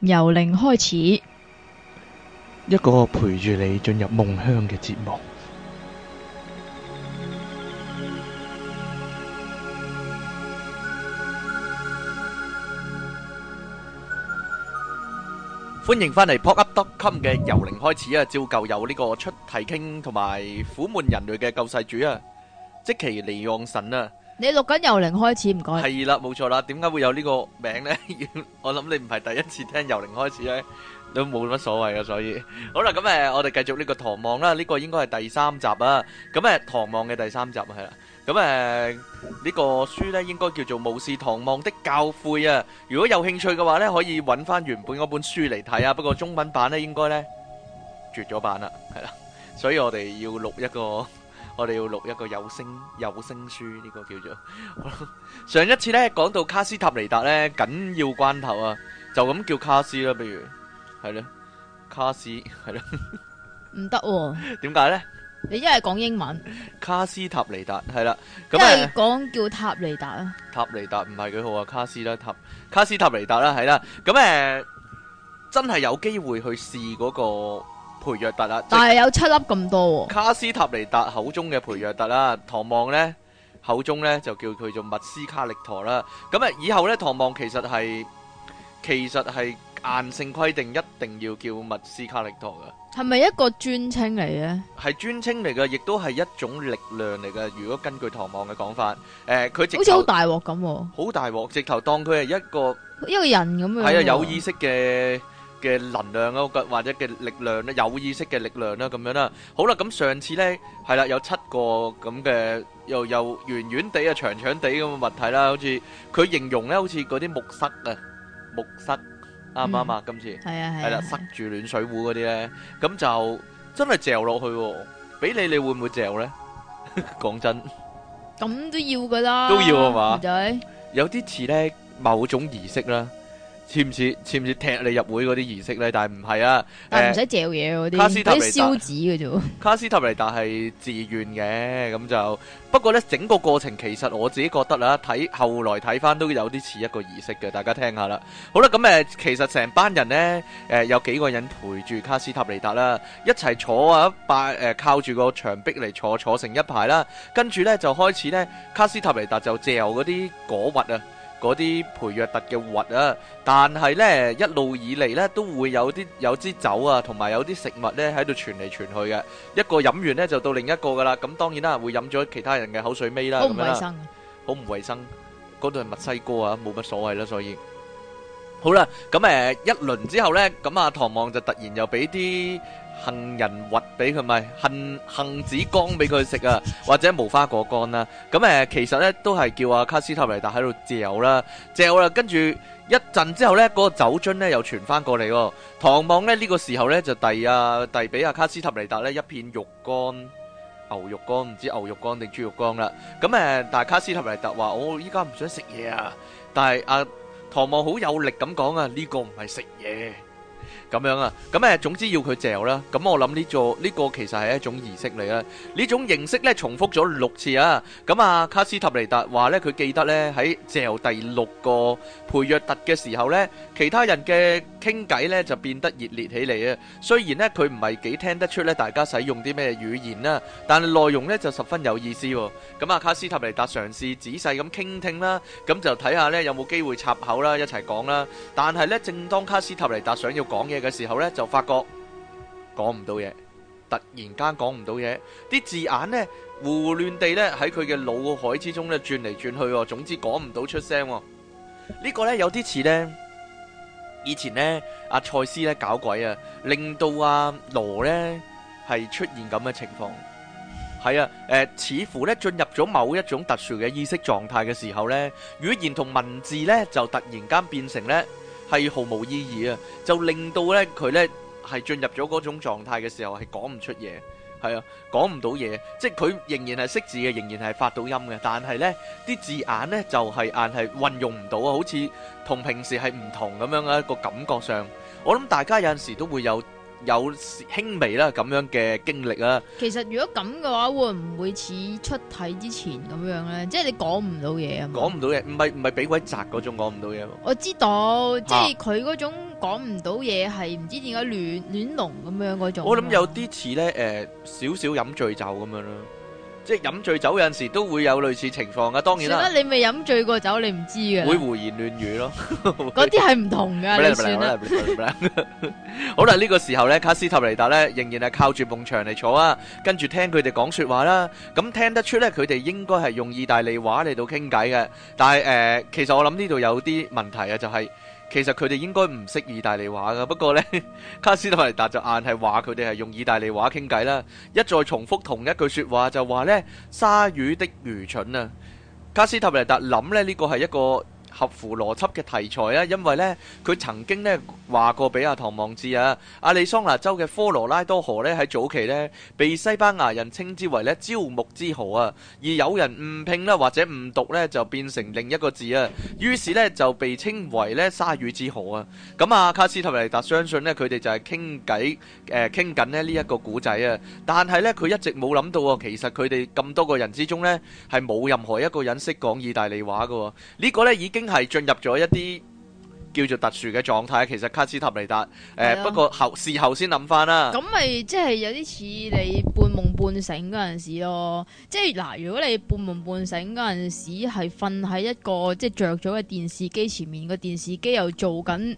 由零開始，一個陪住你進入夢鄉嘅節目。歡迎返嚟，Pop Up.com 嘅由零開始啊！照舊有呢個出題傾同埋苦悶人類嘅救世主啊，即其利昂神啊！你錄緊由零開始唔該係啦，冇錯啦。點解會有呢個名咧？我諗你唔係第一次聽由零開始咧，都冇乜所謂啊。所以好啦，咁誒，我哋繼續呢個《唐望》啦。呢個應該係第三集啊。咁誒，《唐望》嘅第三集係啦。咁誒，呢個書咧應該叫做《巫士唐望》的教誨啊。如果有興趣嘅話咧，可以揾翻原本嗰本書嚟睇啊。不過中文版咧，應該咧絕咗版啦，係啦。所以我哋要錄一個。我哋要錄一個有聲有聲書，呢、呢個叫做 上一次呢講到卡斯塔尼達呢緊要關頭啊，就咁叫卡斯啦，不如係啦，卡斯係啦，唔得，點解呢？ 哦、呢你一係講英文卡，卡斯塔尼達係啦，咁你係講叫塔尼達啊？塔尼達唔係幾好啊，卡斯啦塔卡斯塔尼達啦，係啦，咁誒、呃、真係有機會去試嗰、嗰個。培約特啦，但係有七粒咁多。卡斯塔尼達口中嘅培約特啦，唐望呢口中呢就叫佢做密斯卡力陀啦。咁啊，以後呢唐望其實係其實係硬性規定一定要叫密斯卡力陀嘅。係咪一個專稱嚟嘅？係專稱嚟嘅，亦都係一種力量嚟嘅。如果根據唐望嘅講法，誒，佢直頭好似好大鑊咁，好大鑊直頭當佢係一個一個人咁樣，係啊，有意識嘅。嘅能量咯，或者嘅力量咧，有意識嘅力量咧，咁樣啦。好啦，咁上次咧，係啦，有七個咁嘅，又又圓圓地啊，長長地咁嘅物體啦，好似佢形容咧，好似嗰啲木塞啊，木塞啱唔啱啊？今次係啊係啦，塞住暖水壺嗰啲咧，咁就真係嚼落去，俾你你會唔會嚼咧？講真，咁都要㗎啦，都要啊嘛，有啲似咧某種儀式啦。似唔似似唔似踢你入會嗰啲儀式咧？但係唔係啊！但係唔使嚼嘢嗰啲，都係燒紙嘅啫。些卡斯塔尼達係自願嘅，咁就不過咧，整個過程其實我自己覺得啦，睇後來睇翻都有啲似一個儀式嘅，大家聽下啦。好啦，咁、嗯、誒，其實成班人咧，誒、呃、有幾個人陪住卡斯塔尼達啦，一齊坐啊，擺誒、呃、靠住個牆壁嚟坐坐成一排啦，跟住咧就開始咧，卡斯塔尼達就嚼嗰啲果核啊。嗰啲培約特嘅核啊，但係呢一路以嚟呢都會有啲有支酒啊，同埋有啲食物呢喺度傳嚟傳去嘅，一個飲完呢就到另一個噶啦，咁當然啦會飲咗其他人嘅口水尾啦，咁啊，好唔衞生，嗰度係墨西哥啊，冇乜所謂啦，所以好啦，咁誒一輪之後呢，咁啊唐望就突然又俾啲。杏仁核俾佢咪，杏杏子乾俾佢食啊，或者無花果乾啦、啊。咁、嗯、誒，其實咧都係叫阿卡斯塔尼達喺度嚼啦，嚼啦。跟住一陣之後咧，嗰、那個酒樽咧又傳翻過嚟、啊。唐望咧呢、這個時候咧就遞啊遞俾阿卡斯塔尼達咧一片肉乾，牛肉乾唔知牛肉乾定豬肉乾啦。咁、嗯、誒，但係卡斯塔尼達話我依家唔想食嘢啊，但係阿、啊、唐望好有力咁講啊，呢、這個唔係食嘢。咁樣啊，咁誒，總之要佢嚼啦。咁我諗呢座呢個其實係一種儀式嚟啊。呢種形式咧重複咗六次啊。咁啊，卡斯塔尼達話咧，佢記得咧喺嚼第六個培約特嘅時候咧，其他人嘅傾偈咧就變得熱烈起嚟啊。雖然咧佢唔係幾聽得出咧，大家使用啲咩語言啦，但係內容咧就十分有意思喎。咁啊，卡斯塔尼達嘗試仔細咁傾聽啦，咁就睇下咧有冇機會插口啦，一齊講啦。但係咧，正當卡斯塔尼達想要講嘅嘅時候咧，就發覺講唔到嘢，突然間講唔到嘢，啲字眼咧胡亂地咧喺佢嘅腦海之中咧轉嚟轉去。總之講唔到出聲。呢個咧有啲似咧以前咧阿蔡斯咧搞鬼啊，令到阿羅咧係出現咁嘅情況。係啊，誒，似乎咧進入咗某一種特殊嘅意識狀態嘅時候咧，語言同文字咧就突然間變成咧。係毫無意義啊！就令到咧佢咧係進入咗嗰種狀態嘅時候係講唔出嘢，係啊，講唔到嘢，即係佢仍然係識字嘅，仍然係發到音嘅，但係咧啲字眼咧就係硬係運用唔到啊！好似同平時係唔同咁樣嘅一個感覺上，我諗大家有陣時都會有。有輕微啦咁樣嘅經歷啦。其實如果咁嘅話，會唔會似出體之前咁樣咧？即係你講唔到嘢啊。講唔到嘢，唔係唔係俾鬼砸嗰種講唔到嘢。我知道，即係佢嗰種講唔到嘢係唔知點解亂亂龍咁樣嗰種。我諗有啲似咧，誒，少少飲醉酒咁樣囉。即係飲醉酒有陣時都會有類似情況噶，當然啦。覺得你未飲醉過酒，你唔知噶。會胡言亂語咯，嗰啲係唔同噶。唻唻唻唻唻！好啦，呢個時候咧，卡斯塔尼達咧仍然係靠住埲牆嚟坐啊，跟住聽佢哋講說話啦。咁聽得出咧，佢哋應該係用意大利話嚟到傾偈嘅。但係誒，其實我諗呢度有啲問題啊，就係。其實佢哋應該唔識意大利話㗎，不過呢，卡斯塔尼達就硬係話佢哋係用意大利話傾偈啦，一再重複同一句説話就話呢：「鯊魚的愚蠢啊！」卡斯塔尼達諗呢，呢個係一個，合乎邏輯嘅題材啊，因為呢，佢曾經呢話過俾阿唐望知啊，阿里桑拿州嘅科羅拉多河呢，喺早期呢，被西班牙人稱之為咧朝暮之河啊，而有人誤拼呢，或者誤讀呢，就變成另一個字啊，於是呢，就被稱為咧鯊魚之河啊。咁啊，卡斯提尼達相信呢，佢哋就係傾偈誒傾緊咧呢一個古仔啊，但係呢，佢一直冇諗到喎，其實佢哋咁多個人之中呢，係冇任何一個人識講意大利話噶喎，呢、呢個呢已經。係進入咗一啲叫做特殊嘅狀態，其實卡斯塔尼達誒，呃啊、不過後事後先諗翻啦。咁咪即係有啲似你半夢半醒嗰陣時咯，即係嗱，如果你半夢半醒嗰陣時係瞓喺一個即係着咗嘅電視機前面，個電視機又做緊。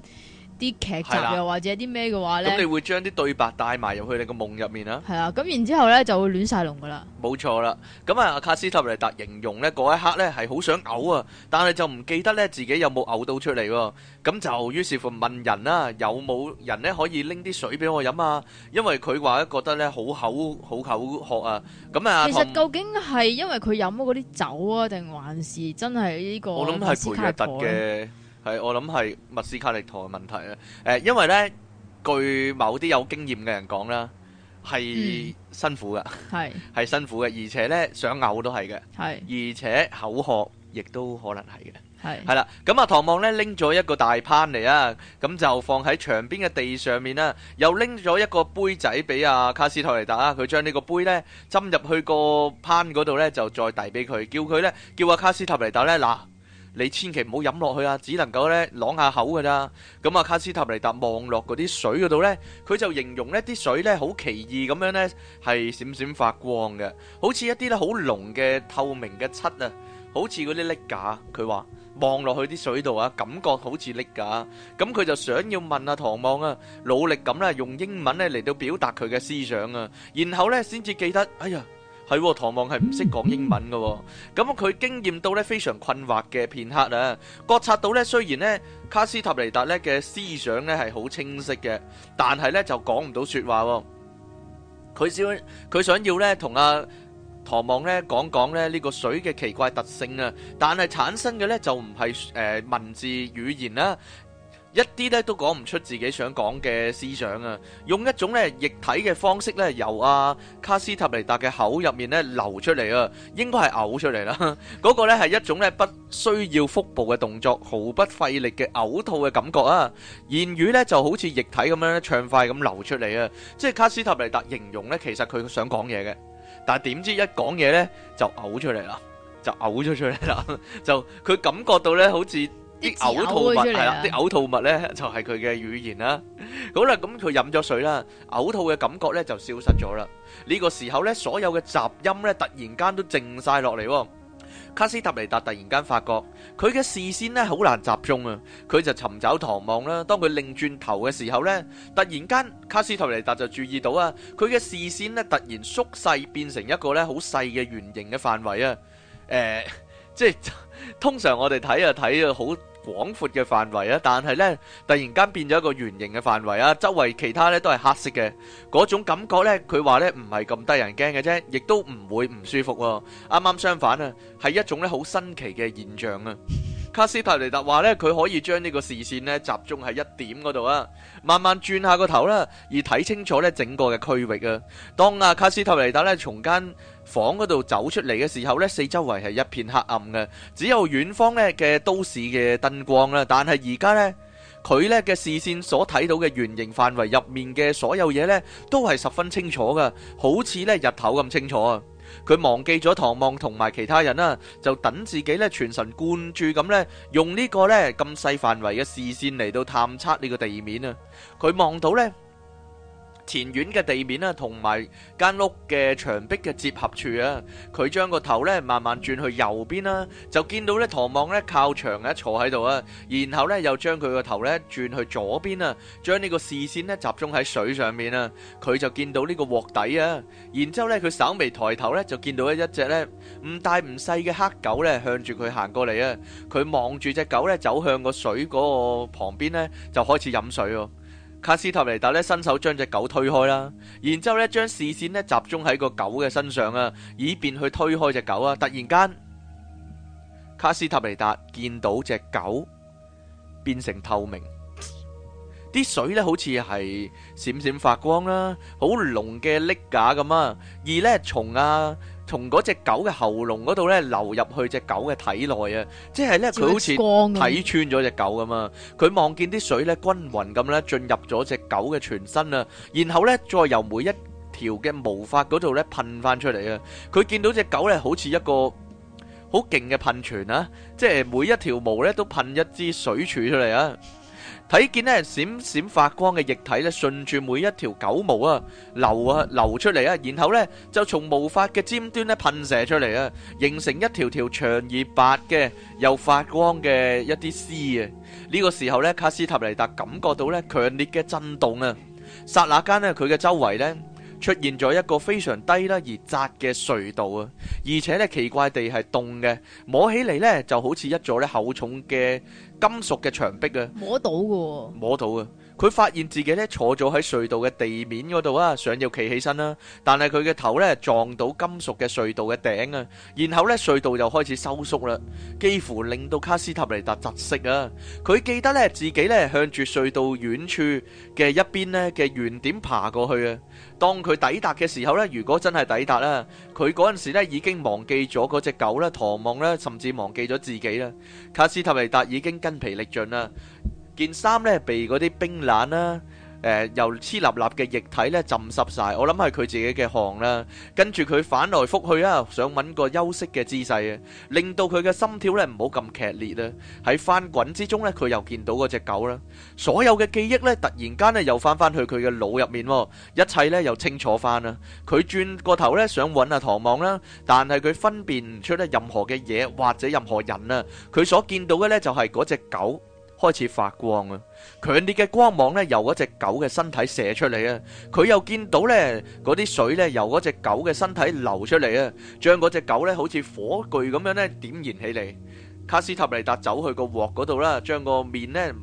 啲劇集又的或者啲咩嘅話咧，咁你會將啲對白帶埋入去你個夢入面啊？係啊，咁然之後咧就會亂晒龍噶啦。冇錯啦，咁啊，卡斯塔尼達形容咧嗰一刻咧係好想嘔啊，但係就唔記得咧自己有冇嘔到出嚟喎、啊。咁就於是乎問人啊，有冇人咧可以拎啲水俾我飲啊？因為佢話覺得咧好口好口渴啊。咁啊，其實究竟係因為佢飲咗嗰啲酒啊，定還是真係呢、這個我諗斯卡特嘅？係，我諗係密斯卡力托嘅問題咧。誒、呃，因為呢，據某啲有經驗嘅人講啦，係辛苦嘅，係係、嗯、辛苦嘅，而且呢，想嘔都係嘅，係是而且口渴亦都可能係嘅，係係啦。咁啊、嗯，唐望咧拎咗一個大盆嚟啊，咁、嗯、就放喺牆邊嘅地上面啦，又拎咗一個杯仔俾阿、啊、卡斯托尼達，佢將呢個杯呢，斟入去個盆嗰度呢，就再遞俾佢，叫佢呢，叫阿、啊、卡斯托尼達呢。嗱。你千祈唔好飲落去啊！只能夠咧啷下口㗎咋咁啊！卡斯塔尼達望落嗰啲水嗰度咧，佢就形容呢啲水咧好奇異咁樣咧，係閃閃發光嘅，好似一啲咧好濃嘅透明嘅漆啊！好似嗰啲溺架。佢話望落去啲水度啊，感覺好似溺架咁。佢就想要問阿唐望啊，努力咁咧用英文咧嚟到表達佢嘅思想啊，然後咧先至記得，哎呀！係喎，唐望係唔識講英文嘅喎，咁佢經驗到咧非常困惑嘅片刻啊，覺察到咧雖然咧卡斯塔尼達咧嘅思想咧係好清晰嘅，但係咧就講唔到説話喎，佢想佢想要咧同阿唐望咧講講咧呢個水嘅奇怪特性啊，但係產生嘅咧就唔係誒文字語言啦。一啲咧都講唔出自己想講嘅思想啊！用一種咧液體嘅方式咧，由阿、啊、卡斯塔尼達嘅口入面咧流出嚟啊！應該係嘔出嚟啦。嗰 個咧係一種咧不需要腹部嘅動作，毫不費力嘅嘔吐嘅感覺啊！言語咧就好似液體咁樣暢快咁流出嚟啊！即係卡斯塔尼達形容咧，其實佢想講嘢嘅，但係點知一講嘢咧就嘔出嚟啦，就嘔咗出嚟啦，就佢 感覺到咧好似。啲嘔吐物係啦，啲嘔 吐物咧就係佢嘅語言啦、啊。 好啦，咁佢飲咗水啦，嘔吐嘅感覺咧就消失咗啦。呢、這個時候咧，所有嘅雜音咧突然間都靜晒落嚟。卡斯塔尼達突然間發覺佢嘅視線咧好難集中啊！佢就尋找唐望啦。當佢擰轉頭嘅時候咧，突然間卡斯塔尼達就注意到啊，佢嘅視線咧突然縮細，變成一個咧好細嘅圓形嘅範圍啊！誒、呃，即係通常我哋睇啊睇啊好。廣闊嘅範圍啊，但係呢突然間變咗一個圓形嘅範圍啊，周圍其他咧都係黑色嘅，嗰種感覺呢，佢話呢唔係咁得人驚嘅啫，亦都唔會唔舒服喎。啱啱相反啊，係一種咧好新奇嘅現象 特特慢慢啊。卡斯特尼達話呢，佢可以將呢個視線咧集中喺一點嗰度啊，慢慢轉下個頭啦，而睇清楚呢整個嘅區域啊。當啊卡斯特尼達咧從間。房嗰度走出嚟嘅時候呢，四周圍係一片黑暗嘅，只有遠方呢嘅都市嘅燈光啦。但係而家呢，佢呢嘅視線所睇到嘅圓形範圍入面嘅所有嘢呢，都係十分清楚噶，好似呢日頭咁清楚啊！佢忘記咗唐望同埋其他人啦，就等自己呢全神貫注咁呢，用呢個呢咁細範圍嘅視線嚟到探測呢個地面啊！佢望到呢。前院嘅地面啦，同埋間屋嘅牆壁嘅接合處啊，佢將個頭咧慢慢轉去右邊啦，就見到咧唐望咧靠牆啊坐喺度啊，然後咧又將佢個頭咧轉去左邊啊，將呢個視線咧集中喺水上面啊，佢就見到呢個鑊底啊，然之後咧佢稍微抬頭咧就見到一一隻咧唔大唔細嘅黑狗咧向住佢行過嚟啊，佢望住隻狗咧走向個水嗰個旁邊咧就開始飲水哦。卡斯塔尼達咧伸手將隻狗推開啦，然之後咧將視線咧集中喺個狗嘅身上啊，以便去推開隻狗啊！突然間，卡斯塔尼達見到隻狗變成透明，啲水咧好似係閃閃發光啦，好濃嘅匿架咁啊！而咧從啊～從嗰隻狗嘅喉嚨嗰度咧流入去隻狗嘅體內啊，即係咧佢好似睇穿咗隻狗咁啊！佢望見啲水咧均勻咁咧進入咗隻狗嘅全身啊，然後咧再由每一條嘅毛髮嗰度咧噴返出嚟啊！佢見到隻狗咧好似一個好勁嘅噴泉啊！即係每一條毛咧都噴一支水柱出嚟啊！睇見咧閃閃發光嘅液體咧，順住每一條狗毛啊流啊流出嚟啊，然後咧就從毛髮嘅尖端咧噴射出嚟啊，形成一條條長而白嘅又發光嘅一啲絲啊。呢個時候咧，卡斯塔尼達感覺到咧強烈嘅震動啊！剎那間咧，佢嘅周圍咧～出現咗一個非常低啦而窄嘅隧道啊，而且咧奇怪地係凍嘅，摸起嚟咧就好似一座咧厚重嘅金屬嘅牆壁啊，摸到嘅，哦、摸到嘅，摸到嘅。佢發現自己咧坐咗喺隧道嘅地面嗰度啊，想要企起身啦，但係佢嘅頭咧撞到金屬嘅隧道嘅頂啊，然後咧隧道又開始收縮啦，幾乎令到卡斯塔尼達窒息啊！佢記得咧自己咧向住隧道遠處嘅一邊咧嘅原點爬過去啊。當佢抵達嘅時候咧，如果真係抵達啦，佢嗰陣時咧已經忘記咗嗰隻狗咧，唐望咧，甚至忘記咗自己啦。卡斯塔尼達已經筋疲力盡啦。件衫咧被嗰啲冰冷啦，誒又黐立立嘅液體咧浸濕晒，我諗係佢自己嘅汗啦。跟住佢反來覆去啊，想揾個休息嘅姿勢啊，令到佢嘅心跳咧唔好咁劇烈啦。喺翻滾之中咧，佢又見到嗰隻狗啦。所有嘅記憶咧，突然間咧又翻翻去佢嘅腦入面，一切咧又清楚翻啦。佢轉個頭咧想揾阿唐望啦，但係佢分辨唔出咧任何嘅嘢或者任何人啊。佢所見到嘅咧就係嗰隻狗。開始發光啊！強烈嘅光芒咧由嗰隻狗嘅身體射出嚟啊！佢又見到咧啲水咧由嗰隻狗嘅身體流出嚟啊！將嗰隻狗咧好似火炬咁樣咧點燃起嚟。卡斯塔尼達走去個鑊嗰度啦，將個面咧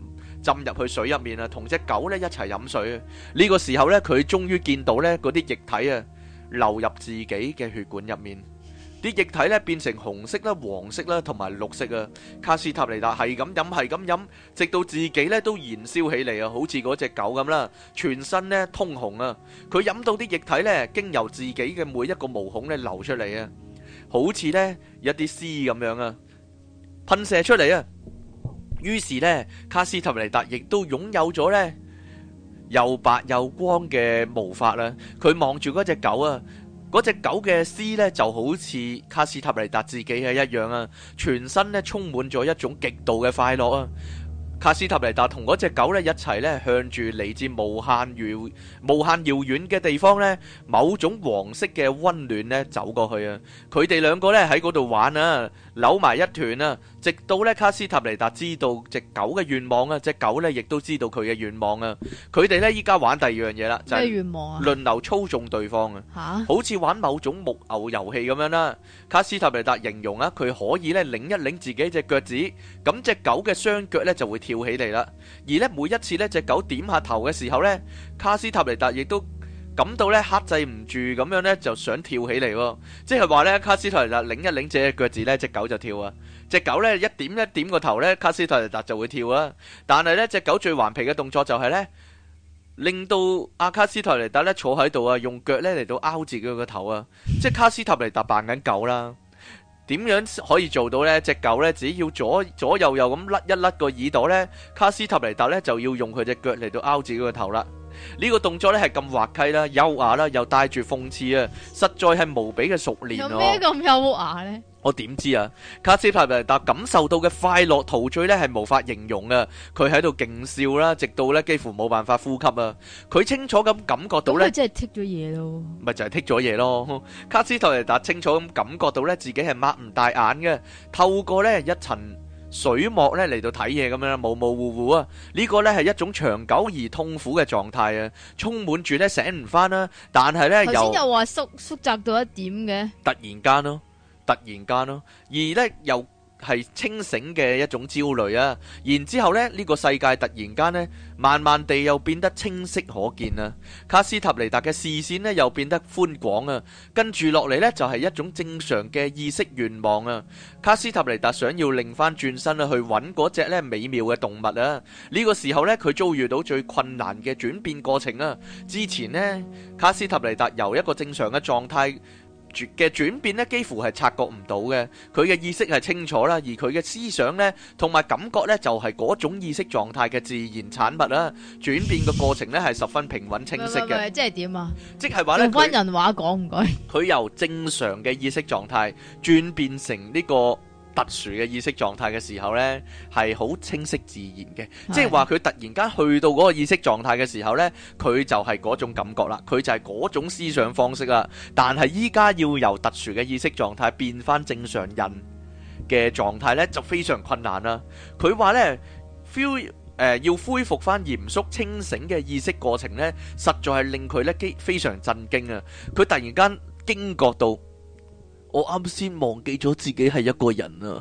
浸入去水入面啊，同隻狗咧一齊飲水。呢、呢個時候咧佢終於見到咧啲液體啊流入自己嘅血管入面。啲液體咧，變成紅色啦、黃色啦同埋綠色啊！卡斯塔尼達係咁飲，係咁飲，直到自己咧都燃燒起嚟啊！好似嗰隻狗咁啦，全身咧通紅啊！佢飲到啲液體咧，經由自己嘅每一個毛孔咧流出嚟啊，好似呢一啲絲咁樣啊，噴射出嚟啊！於是呢，卡斯塔尼達亦都擁有咗呢又白又光嘅毛髮啦！佢望住嗰隻狗啊！嗰隻狗嘅屍咧就好似卡斯塔尼達自己係一樣啊，全身咧充滿咗一種極度嘅快樂啊！卡斯塔尼達同嗰隻狗咧一齊咧向住嚟自無限遙、無限遙遠嘅地方咧，某種黃色嘅温暖咧走過去啊！佢哋兩個咧喺嗰度玩啊！扭埋一團啊，直到咧卡斯塔尼達知道隻狗嘅願望啊，隻狗咧亦都知道佢嘅願望啊。佢哋咧依家玩第二樣嘢啦，就係輪流操縱對方啊，好似玩某種木偶遊戲咁樣啦。卡斯塔尼達形容啊，佢可以咧擰一擰自己隻腳趾，咁隻狗嘅雙腳咧就會跳起嚟啦。而咧每一次咧隻狗點下頭嘅時候咧，卡斯塔尼達亦都感到咧克制唔住，咁樣咧就想跳起嚟喎，即係話咧卡斯托尼達擰一擰隻腳趾咧，隻狗就跳啊，隻狗咧一點一點個頭咧，卡斯托尼達就會跳啦。但係咧隻狗最頑皮嘅動作就係、是、咧，令到阿卡斯托尼達咧坐喺度啊，用腳咧嚟到拗自己個頭啊，即係卡斯托尼達扮緊狗啦。點樣可以做到咧？隻狗咧只要左左右右咁甩一甩個耳朵咧，卡斯托尼達咧就要用佢隻腳嚟到拗自己個頭啦。呢個動作咧係咁滑稽啦，優雅啦，又帶住諷刺啊！實在係無比嘅熟練。有咩咁優雅咧？我點知啊？卡斯塔尼達感受到嘅快樂陶醉咧係無法形容啊！佢喺度勁笑啦，直到咧幾乎冇辦法呼吸啊！佢清楚咁感覺到咧，佢真係剔咗嘢咯。咪就係剔咗嘢咯！卡斯塔尼達清楚咁感覺到咧自己係擘唔大眼嘅，透過咧一層。水幕咧嚟到睇嘢咁樣，模模糊糊啊！呢個咧係一種長久而痛苦嘅狀態啊，充滿住咧醒唔翻啦。但係咧，頭先又話縮縮窄到一點嘅，突然間咯，突然間咯，而咧又。係清醒嘅一種焦慮啊，然之後咧，呢個世界突然間呢，慢慢地又變得清晰可見啊。卡斯塔尼達嘅視線呢，又變得寬廣啊，跟住落嚟呢，就係一種正常嘅意識願望啊。卡斯塔尼達想要擰翻轉身去揾嗰隻咧美妙嘅動物啊。呢個時候呢，佢遭遇到最困難嘅轉變過程啊。之前呢，卡斯塔尼達由一個正常嘅狀態嘅轉變咧，幾乎係察覺唔到嘅。佢嘅意識係清楚啦，而佢嘅思想咧，同埋感覺咧，就係嗰種意識狀態嘅自然產物啦。 轉變嘅過程咧，係十分平穩清晰嘅。 即係點啊？即係話咧，用人話講唔該。佢由正常嘅意識狀態轉變成呢、呢個特殊嘅意識狀態嘅時候呢，係好清晰自然嘅，即係話佢突然間去到嗰個意識狀態嘅時候呢，佢就係嗰種感覺啦，佢就係嗰種思想方式啦。但係依家要由特殊嘅意識狀態變翻正常人嘅狀態呢，就非常困難啦。佢話呢，feel 誒要恢復翻嚴肅清醒嘅意識過程呢，實在係令佢呢非常震驚啊！佢突然間驚覺到。我啱先忘記咗自己係一個人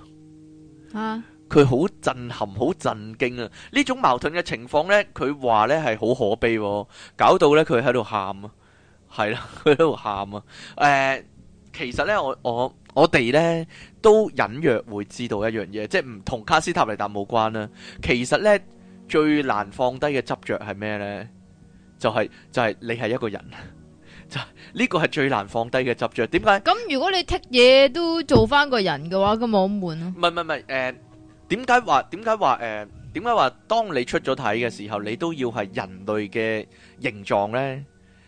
啊！佢好、啊、震撼，好震驚啊！呢種矛盾嘅情況呢，佢話呢係好可悲、啊，搞到呢，佢喺度喊啊！係啦，佢喺度喊啊！誒、啊呃，其實呢，我我我哋呢都隱約會知道一樣嘢，即係唔同卡斯塔尼達冇關啦、啊。其實呢，最難放低嘅執着係咩呢？就係、是、就係、是、你係一個人。 就呢個係最難放低嘅執着，點解咁？如果你踢嘢，都做翻個人嘅話，咁我好悶咯。唔係唔係唔係，誒，點解話？點解話？誒，點解話？當你出咗體嘅時候，你都要係人類嘅形狀咧？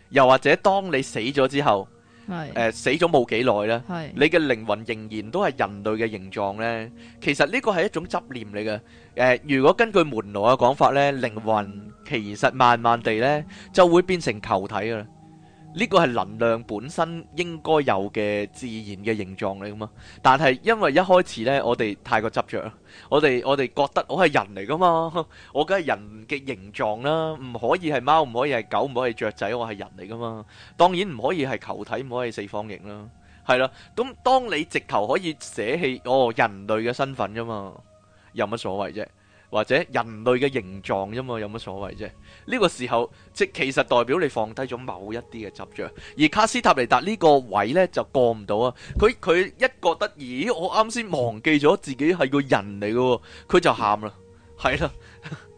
又或者當你死咗之後，係誒死咗冇幾耐咧，係你嘅靈魂仍然都係人類嘅形狀咧？其實呢個係一種執念嚟嘅。誒，如果根據門羅嘅講法咧，靈魂其實慢慢地咧就會變成球體噶啦。呢個係能量本身應該有嘅自然嘅形狀嚟噶嘛，但係因為一開始呢，我哋太過執著，我哋我哋覺得我係人嚟噶嘛，我梗係人嘅形狀啦，唔可以係貓，唔可以係狗，唔可以係雀仔，我係人嚟噶嘛。當然唔可以係球體，唔可以係四方形啦。係啦，咁當你直頭可以捨棄哦人類嘅身份啫嘛，有乜所謂啫？或者人類嘅形狀啫嘛，有乜所謂啫？呢個時候即其實代表你放低咗某一啲嘅執著，而卡斯塔尼達呢個位呢，就過唔到啊！佢佢一覺得，咦，我啱先忘記咗自己係個人嚟嘅喎，佢就喊啦，係啦。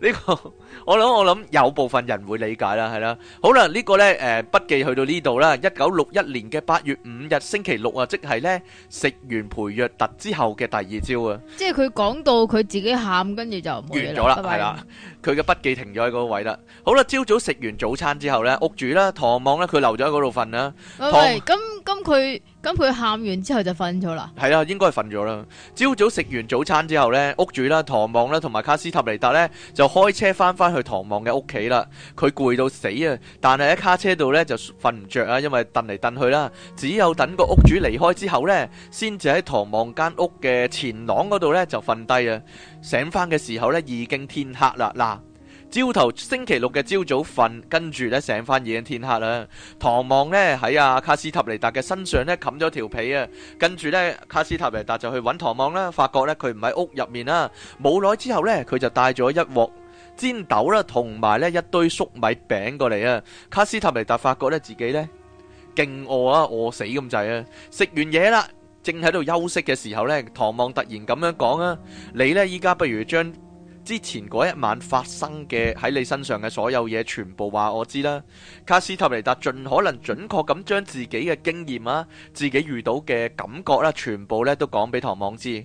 呢個 我諗我諗有部分人會理解啦，係啦。好啦，呢、這個呢，誒、呃、筆記去到呢度啦，一九六一年嘅八月五日星期六啊，即係呢，食完培約特之後嘅第二朝啊，即係佢講到佢自己喊，跟住就完咗了拜啦，係啦。佢嘅筆記停咗喺嗰個位啦。好啦，朝早食完早餐之後咧，屋主啦，唐望咧，佢留咗喺嗰度瞓啦。喂，咁咁佢咁佢喊完之後就瞓咗啦？係啦，應該瞓咗啦。朝早食完早餐之後咧，屋主啦，唐望啦，同埋卡斯塔尼達咧，就開車翻翻去唐望嘅屋企啦。佢攰到死啊！但係喺卡車度咧就瞓唔著啊，因為蹬嚟蹬去啦。只有等個屋主離開之後咧，先至喺唐望間屋嘅前廊嗰度咧就瞓低啊。醒翻嘅時候呢，已經天黑啦。嗱，朝頭星期六嘅朝早瞓，跟住呢醒翻已經天黑啦。唐望呢喺阿卡斯塔尼達嘅身上呢冚咗條被啊，跟住呢，卡斯塔尼達就去揾唐望啦，發覺呢佢唔喺屋入面啦。冇耐之後呢，佢就帶咗一鑊煎豆啦，同埋呢一堆粟米餅過嚟啊。卡斯塔尼達發覺呢自己呢勁餓啊，餓死咁滯啊，食完嘢啦。正喺度休息嘅時候呢，唐望突然咁樣講啊，你呢？依家不如將之前嗰一晚發生嘅喺你身上嘅所有嘢，全部話我知啦。卡斯塔尼達盡可能準確咁將自己嘅經驗啊，自己遇到嘅感覺啦，全部呢都講俾唐望知。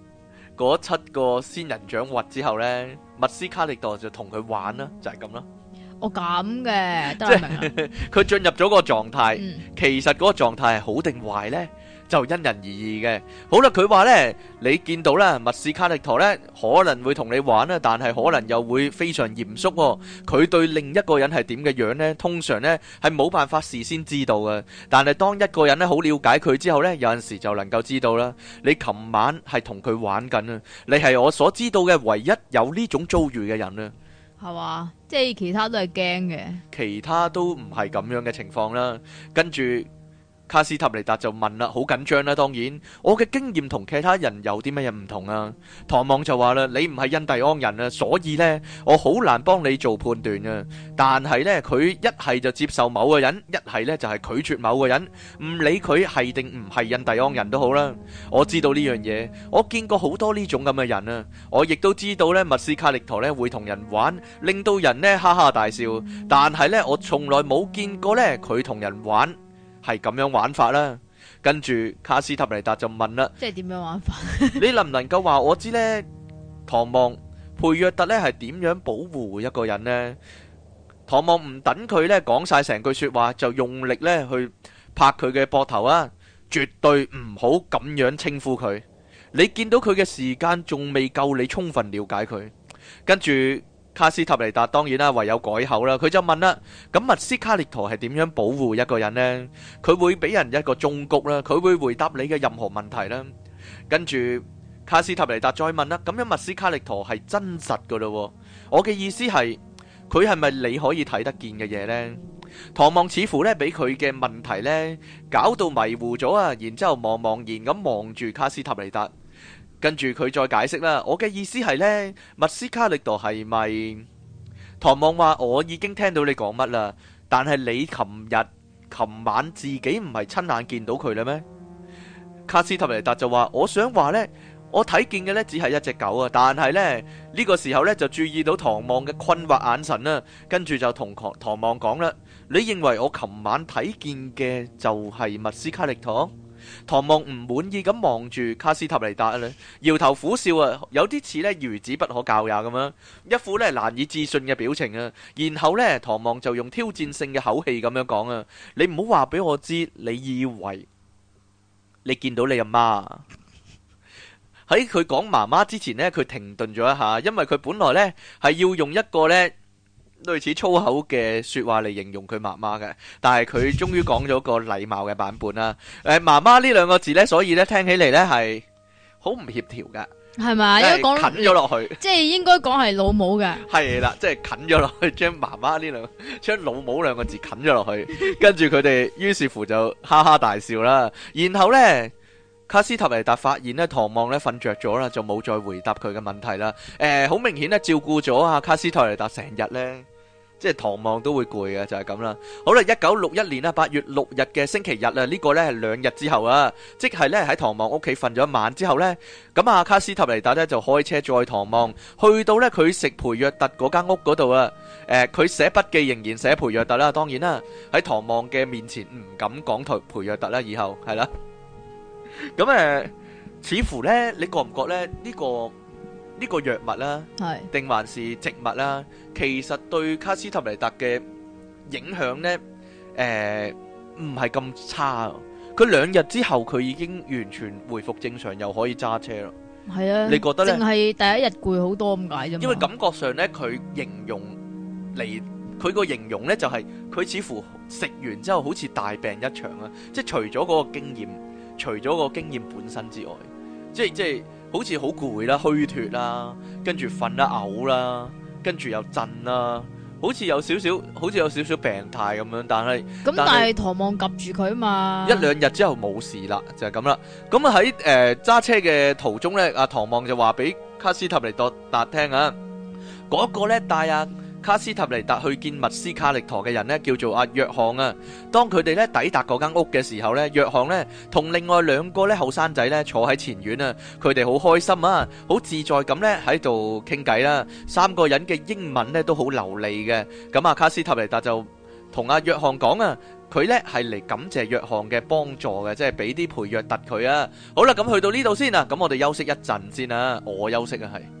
嗰七個仙人掌核之後呢，密斯卡利多就同佢玩啦，就係咁咯。哦，咁嘅，即係佢進入咗個狀態。嗯、其實嗰個狀態係好定壞呢？就因人而異嘅。好啦，佢話咧，你見到啦，密斯卡利托咧，可能會同你玩啦，但係可能又會非常嚴肅。佢對另一個人係點嘅樣咧，通常咧係冇辦法事先知道嘅。但係當一個人咧好了解佢之後咧，有陣時就能夠知道啦。你琴晚係同佢玩緊啦，你係我所知道嘅唯一有呢種遭遇嘅人啦。係嘛，即係其他都係驚嘅，其他都唔係咁樣嘅情況啦。跟住。卡斯塔尼達就問啦，好緊張啦，當然我嘅經驗同其他人有啲咩嘢唔同啊？唐望就話啦，你唔係印第安人啊，所以咧我好難幫你做判斷啊。但係咧佢一係就接受某個人，一係咧就係拒絕某個人，唔理佢係定唔係印第安人都好啦。我知道呢樣嘢，我見過好多呢種咁嘅人啊。我亦都知道咧，密斯卡利陀咧會同人玩，令到人咧哈哈大笑。但係咧，我從來冇見過咧佢同人玩。係咁樣玩法啦，跟住卡斯塔尼達就問啦，即係點樣玩法？你能唔能夠話我知呢？唐望佩約特呢係點樣保護一個人呢？唐望唔等佢呢講晒成句說話，就用力呢去拍佢嘅膊頭啊，絕對唔好咁樣稱呼佢。你見到佢嘅時間仲未夠你充分了解佢，跟住。卡斯塔尼達當然啦，唯有改口啦。佢就問啦：咁墨斯卡利陀係點樣保護一個人咧？佢會俾人一個忠告啦。佢會回答你嘅任何問題啦。跟住卡斯塔尼達再問啦：咁樣墨斯卡利陀係真實噶咯？我嘅意思係佢係咪你可以睇得見嘅嘢咧？唐望似乎咧俾佢嘅問題咧搞到迷糊咗啊！然之後茫茫然咁望住卡斯塔尼達。跟住佢再解釋啦，我嘅意思係呢，密斯卡力陀係咪？唐望話，我已經聽到你講乜啦，但係你琴日、琴晚自己唔係親眼見到佢喇咩？卡斯特尼達就話：我想話呢，我睇見嘅呢只係一隻狗啊！但係呢，呢、呢個時候呢，就注意到唐望嘅困惑眼神啦，跟住就同唐望講啦：你認為我琴晚睇見嘅就係密斯卡力陀？」唐望唔滿意咁望住卡斯塔尼達咧，搖頭苦笑啊，有啲似咧孺子不可教也咁樣，一副咧難以置信嘅表情啊。然後咧，唐望就用挑戰性嘅口氣咁樣講啊：你唔好話俾我知，你以為你見到你阿媽？喺佢講媽媽之前呢，佢停頓咗一下，因為佢本來咧係要用一個咧。類似粗口嘅說話嚟形容佢媽媽嘅，但係佢終於講咗個禮貌嘅版本啦。誒、呃，媽媽呢兩個字呢，所以呢聽起嚟呢係好唔協調噶，係咪啊？即係吧、呃、近咗落去，即係應該講係老母嘅。係啦， 即、就、係、是、近咗落去，將媽媽呢兩個將老母兩個字近咗落去， 跟住佢哋於是乎就哈哈大笑啦。然後呢，卡斯托雷達發現呢，唐望呢瞓着咗啦，就冇再回答佢嘅問題啦。誒、呃，好明顯呢，照顧咗阿卡斯托雷達成日呢。即係唐望都會攰嘅，就係咁啦。好啦，一九六一年啦，八月六日嘅星期日啊，呢個咧係兩日之後啊，即係咧喺唐望屋企瞓咗一晚之後咧，咁啊卡斯塔尼達咧就開車再唐望，去到咧佢食培約特嗰間屋嗰度啊。誒，佢寫筆記仍然寫培約特啦，當然啦，喺唐望嘅面前唔敢講培約特啦，以後係啦。咁誒，似乎咧，你覺唔覺咧呢個？呢個藥物啦，係定還是植物啦？其實對卡斯特尼達嘅影響咧，誒，唔係咁差。佢兩日之後，佢已經完全回復正常，又可以揸車咯。係啊，你覺得咧定係第一日攰好多咁解啫？因為感覺上咧，佢形容嚟，佢個形容咧就係，佢似乎食完之後好似大病一場啊！即係除咗嗰個經驗，除咗個經驗本身之外，即係即係。好似好攰啦、虛脱啦，跟住瞓得嘔啦，跟住又震啦，好似有少少、好似有少少病態咁樣，但係咁但係唐望及住佢啊嘛，一兩日之後冇事啦，就係咁啦。咁喺誒揸車嘅途中咧，阿、啊、唐望就話俾卡斯塔尼度達聽啊，嗰個咧大日。卡斯塔尼達去見密斯卡力陀嘅人咧，叫做阿約翰啊。當佢哋咧抵達嗰間屋嘅時候咧，約翰咧同另外兩個咧後生仔咧坐喺前院啊。佢哋好開心啊，好自在咁咧喺度傾偈啦。三個人嘅英文咧都好流利嘅。咁啊，卡斯塔尼達就同阿約翰講啊，佢咧係嚟感謝約翰嘅幫助嘅，即係俾啲培約特佢啊。好啦，咁去到呢度先啊。咁我哋休息一陣先啊，我休息啊係。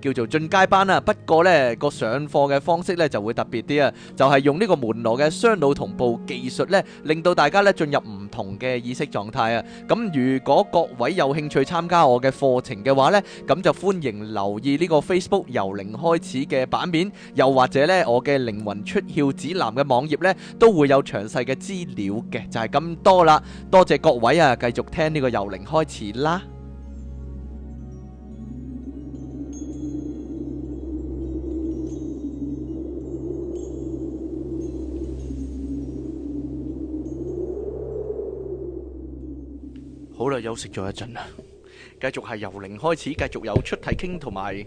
叫做進階班啊，不過呢個上課嘅方式呢就會特別啲啊，就係用呢個門羅嘅雙腦同步技術呢，令到大家呢進入唔同嘅意識狀態啊。咁如果各位有興趣參加我嘅課程嘅話呢，咁就歡迎留意呢個 Facebook 由零開始嘅版面，又或者呢我嘅靈魂出竅指南嘅網頁呢都會有詳細嘅資料嘅，就係咁多啦。多謝各位啊，繼續聽呢個由零開始啦。好啦，休息咗一陣啦，繼續係由零開始，繼續有出題傾同埋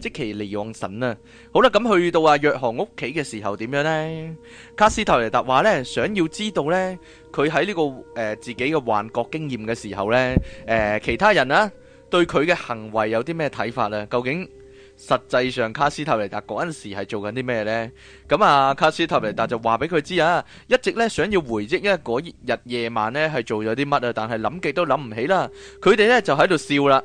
即其利用神啦。好啦，咁去到阿約翰屋企嘅時候點樣咧？卡斯特尼達話咧，想要知道咧，佢喺呢個誒自己嘅幻覺經驗嘅時候咧，誒其他人啦對佢嘅行為有啲咩睇法啊？究竟？實際上卡斯塔尼達嗰陣時係做緊啲咩咧？咁啊，卡斯塔尼達就話俾佢知啊，一直咧想要回憶咧嗰日夜晚咧係做咗啲乜啊，但係諗極都諗唔起啦。佢哋咧就喺度笑啦，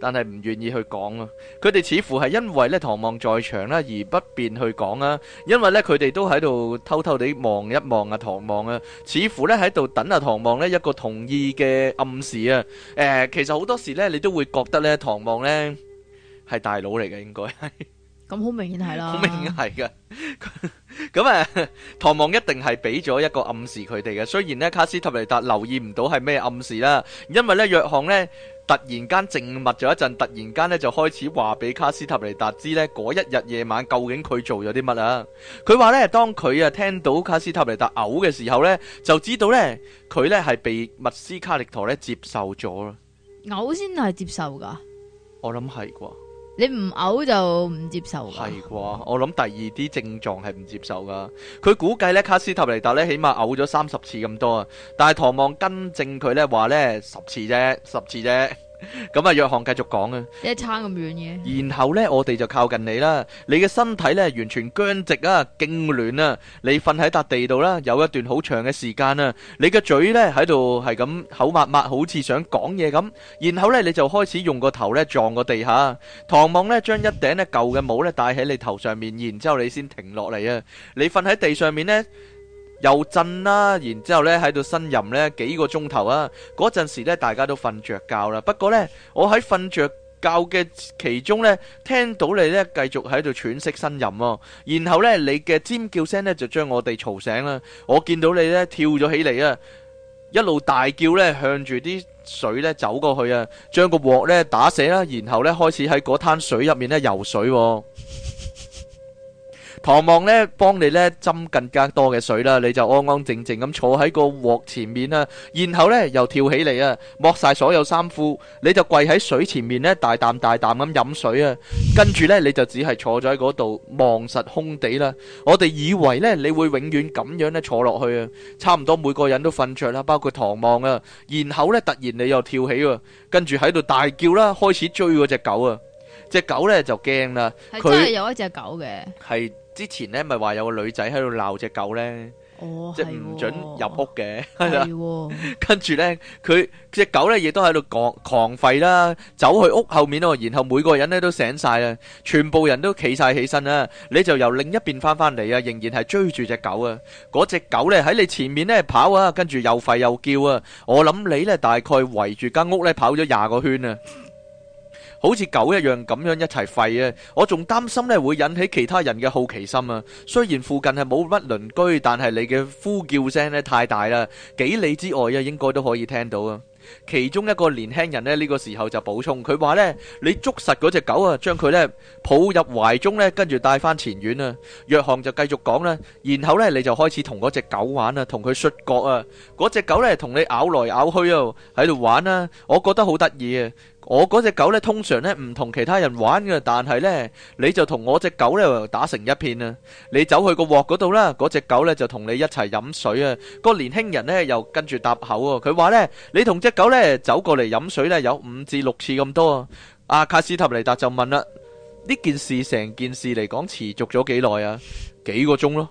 但係唔願意去講啊。佢哋似乎係因為咧唐望在場啦而不便去講啊，因為咧佢哋都喺度偷偷地望一望啊唐望啊，似乎咧喺度等啊唐望咧一個同意嘅暗示啊。誒，其實好多時咧你都會覺得咧唐望咧。係大佬嚟嘅，應該係咁，好明顯係啦，好明顯係㗎。咁誒，唐望一定係俾咗一個暗示佢哋嘅。雖然呢，卡斯塔尼達留意唔到係咩暗示啦，因為呢約翰呢突然間靜默咗一陣，突然間呢就開始話俾卡斯塔尼達知呢，嗰一日夜晚究竟佢做咗啲乜啊？佢話呢，當佢啊聽到卡斯塔尼達嘔嘅時候呢，就知道呢，佢呢係被密斯卡力陀呢接受咗啦。嘔先係接受噶？我諗係啩。你唔嘔就唔接受係啩？我諗第二啲症狀係唔接受噶。佢估計咧，卡斯塔尼達咧起碼嘔咗三十次咁多，但係唐望跟正佢咧話咧十次啫，十次啫。咁啊，約翰繼續講啊，一餐咁遠嘅，然後咧，我哋就靠近你啦。你嘅身體咧，完全僵直啊，痙攣啊。你瞓喺笪地度啦，有一段好長嘅時間啊。你嘅嘴咧喺度係咁口抹抹，好似想講嘢咁。然後咧，你就開始用個頭咧撞個地下。唐望咧將一頂咧舊嘅帽咧戴喺你頭上面，然之後你先停落嚟啊。你瞓喺地上面咧。又震啦，然之後呢，喺度呻吟呢幾個鐘頭啊！嗰陣時呢大家都瞓着覺啦，不過呢，我喺瞓着覺嘅其中呢，聽到你呢，繼續喺度喘息呻吟喎，然後呢，你嘅尖叫聲呢，就將我哋嘈醒啦。我見到你呢，跳咗起嚟啊，一路大叫呢，向住啲水呢走過去啊，將個鑊呢打死啦，然後呢，開始喺嗰灘水入面呢游水喎、哦。唐望咧，幫你咧斟更加多嘅水啦，你就安安靜靜咁坐喺個鑊前面啦，然後咧又跳起嚟啊，剝晒所有衫褲，你就跪喺水前面咧，大啖大啖咁飲水啊，跟住咧你就只係坐咗喺嗰度望實空地啦。我哋以為咧你會永遠咁樣咧坐落去啊，差唔多每個人都瞓着啦，包括唐望啊。然後咧突然你又跳起喎，跟住喺度大叫啦，開始追嗰隻狗啊，隻狗咧就驚啦，佢係，真係有一隻狗嘅，係。之前咧咪話有個女仔喺度鬧隻狗呢，即係唔准入屋嘅，係啦。跟住呢，佢隻狗呢亦都喺度狂吠啦，走去屋後面咯。然後每個人呢都醒晒啦，全部人都企晒起身啦。你就由另一邊翻返嚟啊，仍然係追住隻狗啊。嗰隻狗呢喺你前面呢跑啊，跟住又吠又叫啊。我諗你呢大概圍住間屋呢跑咗廿個圈啊。 好似狗一樣咁樣一齊吠啊！我仲擔心咧會引起其他人嘅好奇心啊。雖然附近係冇乜鄰居，但係你嘅呼叫聲咧太大啦，幾里之外啊應該都可以聽到啊。其中一個年輕人呢，呢個時候就補充，佢話呢：「你捉實嗰隻狗啊，將佢呢抱入懷中呢，跟住帶翻前院啊。約翰就繼續講啦，然後呢，你就開始同嗰隻狗玩啊，同佢摔角啊。嗰隻狗呢，同你咬來咬去啊，喺度玩啊，我覺得好得意啊。」我嗰隻狗咧，通常咧唔同其他人玩嘅，但係咧你就同我隻狗咧打成一片啦。你走去個鑊嗰度啦，嗰隻狗咧就同你一齊飲水啊。個年輕人咧又跟住搭口喎，佢話咧，你同隻狗咧走過嚟飲水咧有五至六次咁多呀。阿卡斯塔尼達就問啦：呢件事，成件事嚟講，持續咗幾耐啊？幾個鐘咯？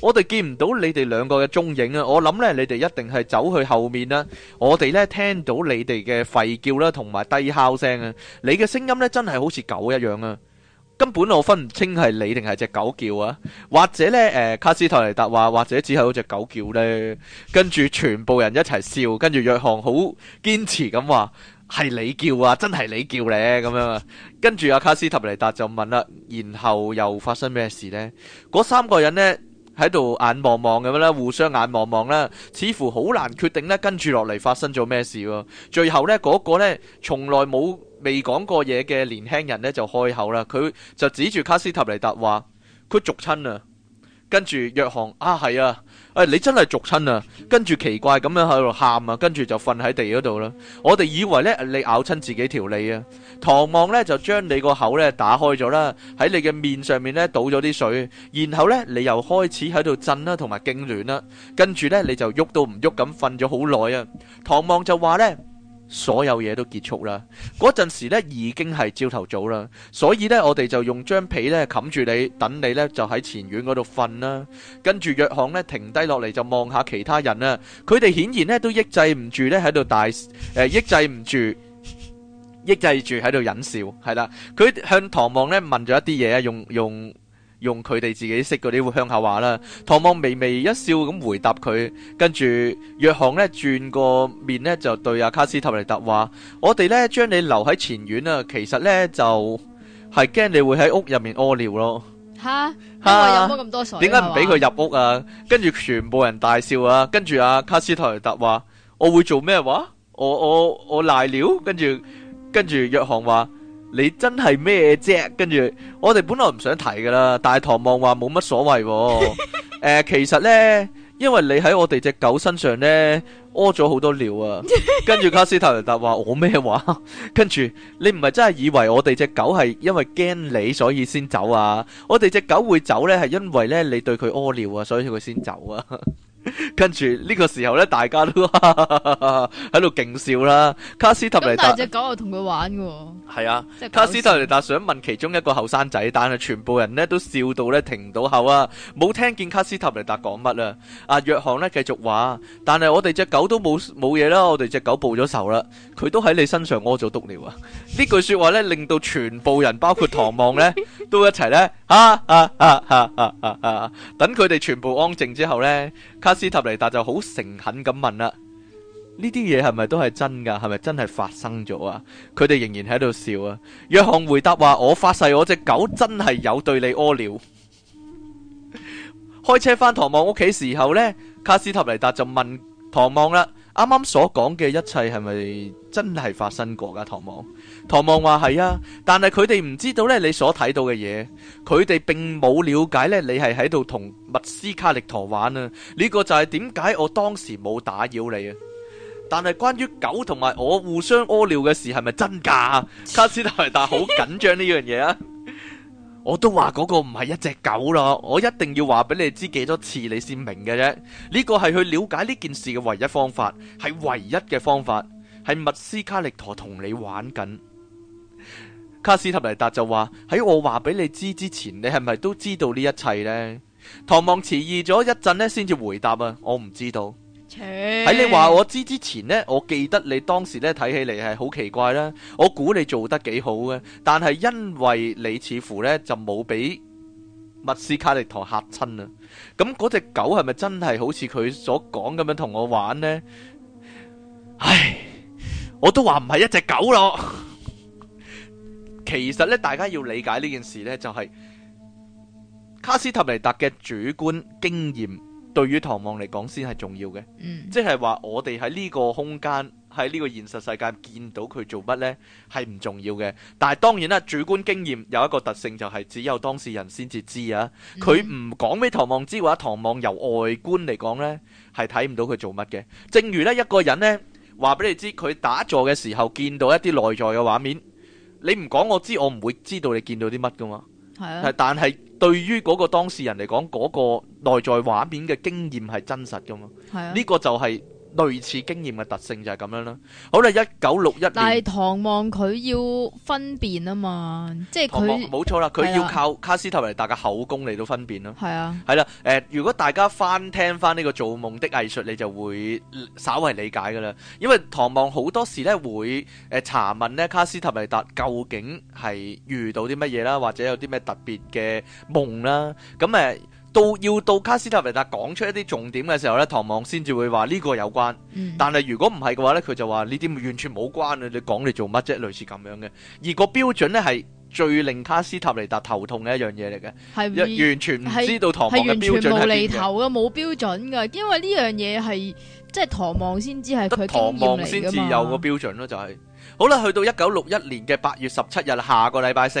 我哋見唔到你哋兩個嘅蹤影啊！我諗咧，你哋一定係走去後面啦。我哋咧聽到你哋嘅吠叫啦，同埋低哮聲啊！你嘅聲音咧真係好似狗一樣啊！根本我分唔清係你定係隻狗叫啊！或者咧，誒，卡斯特尼達話，或者只係一隻狗叫咧。跟住全部人一齊笑，跟住約翰好堅持咁話係你叫啊，真係你叫咧咁樣。跟住阿卡斯特尼達就問啦，然後又發生咩事咧？嗰三個人咧？喺度眼望望咁樣啦，互相眼望望啦，似乎好難決定咧，跟住落嚟發生咗咩事。最後咧，嗰個咧從來冇未講過嘢嘅年輕人咧就開口啦，佢就指住卡斯塔尼達話：「佢逐親啊！」跟住約翰啊，係啊，誒、哎,你真係逐親啊！跟住奇怪咁樣喺度喊啊，跟住就瞓喺地嗰度啦。我哋以為咧，你咬親自己條脷啊。唐望咧就將你個口咧打開咗啦，喺你嘅面上面咧倒咗啲水，然後咧你又開始喺度震啦，同埋痙攣啦，跟住咧你就喐都唔喐咁瞓咗好耐啊。唐望就話咧。所有嘢都結束啦，嗰陣時呢已經係朝頭早啦，所以呢我哋就用張被呢冚住你，等你呢就喺前院嗰度瞓啦。跟住約翰呢停低落嚟就望下其他人啦，佢哋顯然呢都抑制唔住呢喺度大誒、呃、抑制唔住抑制住喺度忍笑，係啦，佢向唐望呢問咗一啲嘢啊，用用，用佢哋自己識嗰啲鄉下話啦，唐望微微一笑咁回答佢，跟住約翰咧轉個面咧就對阿卡斯塔尼達話：我哋咧將你留喺前院啊，其實咧就係驚你會喺屋入面屙尿咯。嚇嚇，點解唔俾佢入屋啊？跟住 全部人大笑啊！跟住阿卡斯塔尼達話：我會做咩話？我我我，我賴尿？跟住跟住約翰話。你真係咩啫？跟住我哋本來唔想提噶啦，但係唐望話冇乜所謂喎、啊。誒、呃，其實呢，因為你喺我哋隻狗身上呢屙咗好多尿啊，跟住卡斯塔尼達話我咩話？跟住你唔係真係以為我哋隻狗係因為驚你所以先走啊？我哋隻狗會走呢，係因為呢，你對佢屙尿啊，所以佢先走啊。跟住呢個時候咧，大家都喺度勁笑啦。卡斯塔尼達隻狗又同佢玩嘅，係啊，即係卡斯塔尼達想問其中一個後生仔，但係全部人咧都笑到咧停唔到口啊，冇聽見卡斯塔尼達講乜啊。阿約翰咧繼續話，但係我哋隻狗都冇冇嘢啦，我哋隻狗報咗仇啦，佢都喺你身上屙咗督尿啊！ 句呢句說話咧令到全部人包括唐望咧都一齊咧吓吓吓吓吓吓，等佢哋全部安靜之後咧卡。卡斯塔雷達就好誠懇咁問啦，呢啲嘢係咪都係真噶？係咪真係發生咗啊？佢哋仍然喺度笑啊。約翰回答話：我發誓，我隻狗真係有對你屙尿。 開車翻唐望屋企時候呢，卡斯塔雷達就問唐望啦。啱啱所講嘅一切係咪真係發生過㗎？唐望，唐望話係啊，但係佢哋唔知道呢。你所睇到嘅嘢，佢哋並冇了解呢。你係喺度同密斯卡力陀玩啊！呢個就係點解我當時冇打擾你啊。但係關於狗同埋我互相屙尿嘅事係咪真㗎啊？卡斯泰達好緊張呢樣嘢啊！我都話嗰個唔係一隻狗咯，我一定要話俾你知幾多次你先明嘅啫。呢個係去了解呢件事嘅唯一方法，係唯一嘅方法，係密斯卡力陀同你玩緊。卡斯塔尼達就話：喺我話俾你知之前，你係咪都知道呢一切呢？意」唐望遲疑咗一陣咧，先至回答啊，我唔知道。喺你話我知之前呢，我記得你當時呢睇起嚟係好奇怪啦。我估你做得幾好嘅，但係因為你似乎呢就冇俾密斯卡利陀吓親啊。咁嗰隻狗係咪真係好似佢所講咁樣同我玩呢？唉，我都話唔係一隻狗咯。 其實呢，大家要理解呢件事呢，就係、是、卡斯塔尼達嘅主觀經驗。對於唐望嚟講，先係重要嘅，即係話我哋喺呢個空間，喺呢個現實世界見到佢做乜呢？係唔重要嘅。但係當然啦，主觀經驗有一個特性，就係只有當事人先至知啊。佢唔講俾唐望知嘅話，唐望由外觀嚟講呢，係睇唔到佢做乜嘅。正如呢一個人呢，話俾你知，佢打坐嘅時候見到一啲內在嘅畫面，你唔講我知，我唔會知道你見到啲乜㗎嘛。係，但係對於嗰個當事人嚟講，嗰個內在畫面嘅經驗係真實㗎嘛？係啊，呢個就係。類似經驗嘅特性就係咁樣啦。好啦，一九六一年。但係唐望佢要分辨啊嘛，即係佢冇錯啦，佢要靠卡斯特利達嘅口供嚟到分辨咯。係啊，係啦。誒、呃，如果大家翻聽翻呢、這個做夢的藝術，你就會稍為理解噶啦。因為唐望好多時咧會誒、呃、查問咧卡斯特利達究竟係遇到啲乜嘢啦，或者有啲咩特別嘅夢啦，咁誒。呃到要到卡斯塔尼達講出一啲重點嘅時候咧，唐望先至會話呢個有關。嗯、但係如果唔係嘅話咧，佢就話呢啲完全冇關啊！你講你做乜啫？類似咁樣嘅。而個標準咧係最令卡斯塔尼達頭痛嘅一樣嘢嚟嘅，係是完全唔知道唐望嘅標準喺邊嘅。全部厘頭嘅，冇標準嘅。因為呢樣嘢係即係唐望先知係佢先至有，有個標準咯，就係，就係好啦。去到一九六一年嘅八月十七日，下個禮拜四。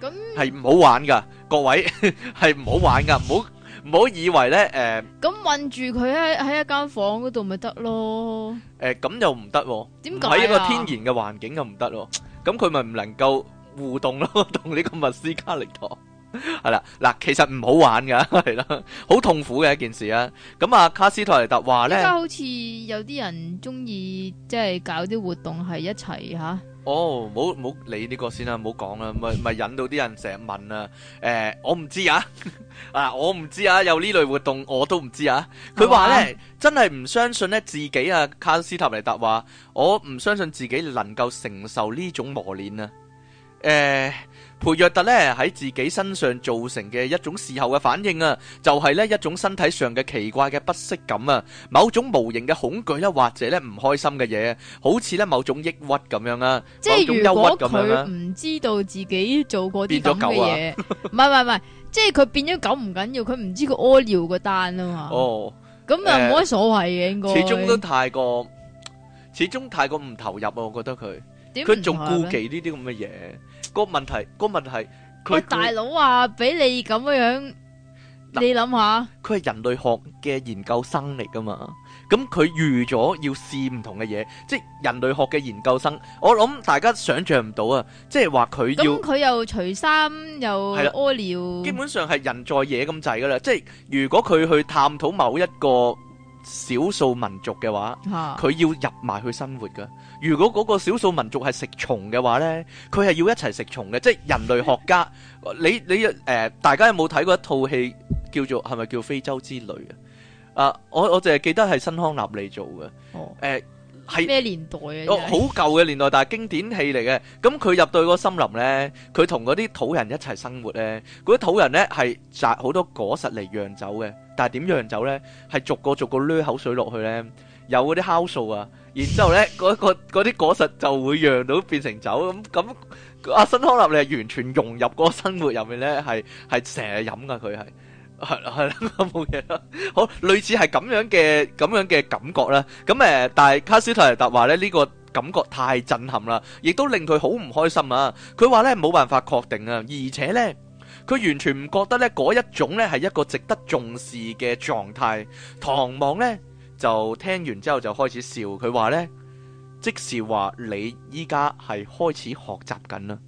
咁係唔好玩噶，各位係唔好玩噶，唔好唔好以為咧誒。咁困住佢喺喺一間房嗰度咪得咯？誒，咁又唔得，喺一個天然嘅環境又唔得咯。咁佢咪唔能夠互動咯，同呢個密斯卡利托。係啦，嗱，其實唔好玩噶，係啦，好痛苦嘅一件事啊。咁啊，卡斯托尼達話咧，而家好似有啲人中意即係搞啲活動係一齊吓。哦，唔好唔好理呢個先啦，唔好講啦，咪咪引到啲人成日問啊！誒、欸，我唔知啊， 啊，我唔知啊，有呢類活動我都唔知啊。佢話咧，哇真係唔相信咧自己啊，卡斯塔尼達話：我唔相信自己能夠承受呢種磨練啊！誒、欸。培約特咧喺自己身上造成嘅一種事後嘅反應啊，就係咧一種身體上嘅奇怪嘅不適感啊，某種無形嘅恐懼啦，或者咧唔開心嘅嘢，好似咧某種抑鬱咁樣啦，某種憂鬱咁樣啦。即係如果佢唔知道自己做過啲咁嘅嘢，變咗狗啊？唔係唔係唔係，即係佢變咗狗唔緊要，佢唔知佢屙尿個單啊嘛。哦，咁啊冇乜所謂嘅應該。始終都太過，始終太過唔投入啊！我覺得佢，佢仲顧忌呢啲咁嘅嘢。個問題，個問題，喂，大佬啊，俾你咁樣樣，你諗下，佢係人類學嘅研究生嚟噶嘛？咁佢預咗要試唔同嘅嘢，即係人類學嘅研究生，我諗大家想象唔到啊！即係話佢要，佢又除衫又屙尿，基本上係人在野咁滯噶啦！即係如果佢去探討某一個少數民族嘅話，佢要入埋去生活噶如果嗰個少數民族係食蟲嘅話咧，佢係要一齊食蟲嘅，即係人類學家。你你誒，大家有冇睇過一套戲叫做係咪叫非洲之旅啊？啊，我我淨係記得係辛康納利做嘅。哦，誒係咩年代啊？哦，好舊嘅年代，但係經典戲嚟嘅。咁佢入到個森林咧，佢同嗰啲土人一齊生活咧。嗰啲土人咧係摘好多果實嚟釀酒嘅，但係點釀酒咧係逐個逐個攣口水落去咧，有嗰啲酵素啊。然之後咧，嗰個嗰啲果實就會讓到變成酒咁咁。阿辛康納利係完全融入嗰個生活入面咧，係係成日飲噶佢係，係啦係啦冇嘢啦。好類似係咁樣嘅咁樣嘅感覺啦。咁誒，但係卡斯泰達話咧呢個感覺太震撼啦，亦都令佢好唔開心啊。佢話咧冇辦法確定啊，而且咧佢完全唔覺得咧嗰一種咧係一個值得重視嘅狀態。唐望咧。就聽完之後就開始笑，佢話呢，即係話你依家係開始學習緊啦。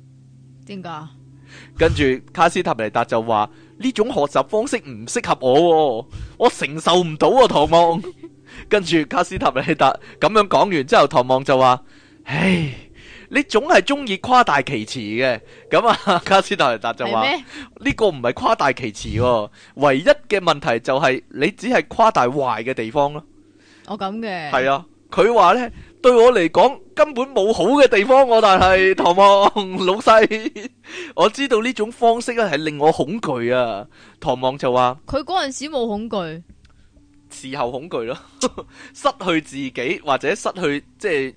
點解麼？跟住卡斯塔尼達就話呢 種學習方式唔適合我喎，我承受唔到啊！唐望， 跟住卡斯塔尼達咁樣講完之後，唐望就話：唉，你總係中意誇大其詞嘅。咁啊，卡斯塔尼達就話呢嗎個唔係誇大其詞，唯一嘅問題就係你只係誇大壞嘅地方咯。我咁嘅係啊，佢話呢，對我嚟講根本冇好嘅地方，我但係唐望老細，我知道呢種方式咧，係令我恐懼啊。唐望就話佢嗰陣時冇恐懼，事後恐懼咯，失去自己或者失去即係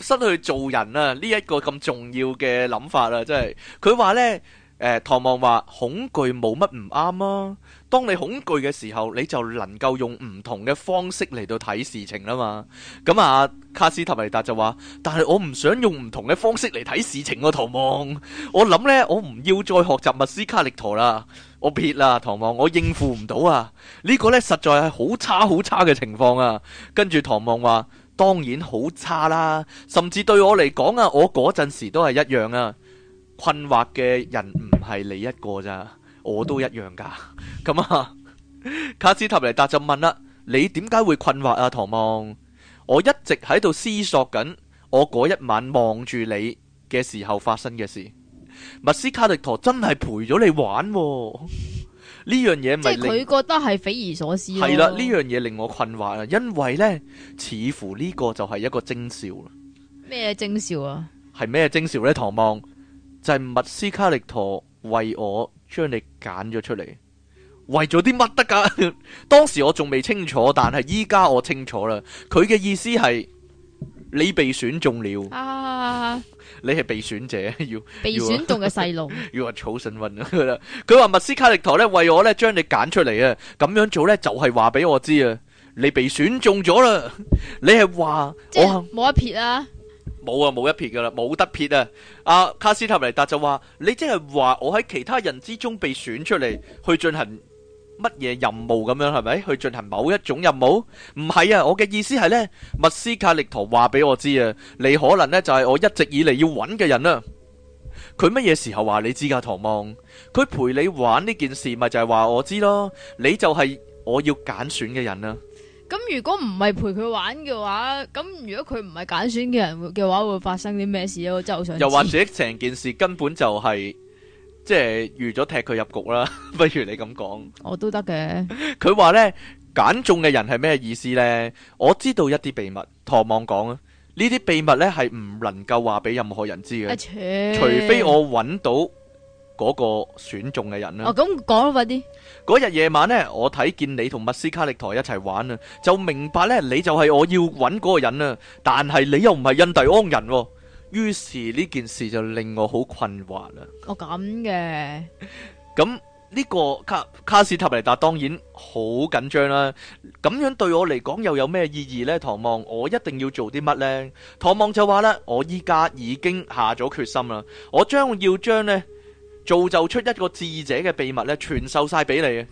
失去做人啊呢一個咁重要嘅諗法啊，真係佢話呢誒，唐望話恐懼冇乜唔啱啊。當你恐懼嘅時候，你就能夠用唔同嘅方式嚟到睇事情啦嘛。咁啊，卡斯塔尼達就話：但係我唔想用唔同嘅方式嚟睇事情啊，唐望。我諗呢，我唔要再學習密斯卡力陀啦，我撇啦，唐望，我應付唔到啊。呢個呢，實在係好差好差嘅情況啊。跟住唐望話：當然好差啦，甚至對我嚟講啊，我嗰陣時都係一樣啊，困惑嘅人唔係你一個咋。我都一樣噶，咁啊，卡斯塔尼達就問啦：你點解會困惑啊？唐望，我一直喺度思索緊，我嗰一晚望住你嘅時候發生嘅事，密斯卡力陀真係陪咗你玩，啊，呢 樣嘢咪即佢覺得係匪夷所思咯、啊。係啦，呢樣嘢令我困惑啊，因為呢，似乎呢個就係一個徵兆啦。咩嘢徵兆啊？係咩嘢徵兆呢？唐望，就係、是、密斯卡力陀為我。將你揀咗出嚟，為咗啲乜得噶？ 當時我仲未清楚，但係依家我清楚啦。佢嘅意思係你被選中了，啊、 你係被選者，要被選中嘅細路， 要話草神運。佢話密斯卡力陀咧為我咧將你揀出嚟啊，咁樣做咧就係話俾我知啊，你被選中咗啦， 你係話冇一撇啦。冇啊，冇一撇噶啦，冇得撇啊！阿卡斯塔尼達就話：你即係話我喺其他人之中被選出嚟去進行乜嘢任務咁樣，係咪？去進行某一種任務？唔係啊！我嘅意思係呢。密斯卡力陀話俾我知啊，你可能呢就係我一直以嚟要揾嘅人啦。佢乜嘢時候話你知、啊、噶？唐望，佢陪你玩呢件事，咪就係話我知咯。你就係我要揀選嘅人啊！咁如果唔係陪佢玩嘅話，咁如果佢唔係揀選嘅人嘅話，會發生啲咩事咧？我就想又或者成件事根本就係、是、即係預咗踢佢入局啦， 不如你咁講，我都得嘅。佢話咧，揀中嘅人係咩意思咧？我知道一啲秘密，唐望講啊，呢啲秘密咧係唔能夠話俾任何人知嘅，啊、除非我揾到嗰個選中嘅人啦。哦，咁講快啲。嗰日夜晚呢，我睇見你同密斯卡力陀一齊玩啊，就明白呢，你就係我要揾嗰個人啊。但係你又唔係印第安人，哦，於是呢件事就令我好困惑啦。哦，咁嘅。咁、咁、呢個卡卡斯塔尼達當然好緊張啦。咁樣對我嚟講又有咩意義呢？唐望，我一定要做啲乜呢？唐望就話啦，我依家已經下咗決心啦，我將要將呢。」造就出一個智者嘅秘密咧，傳授晒俾你啊！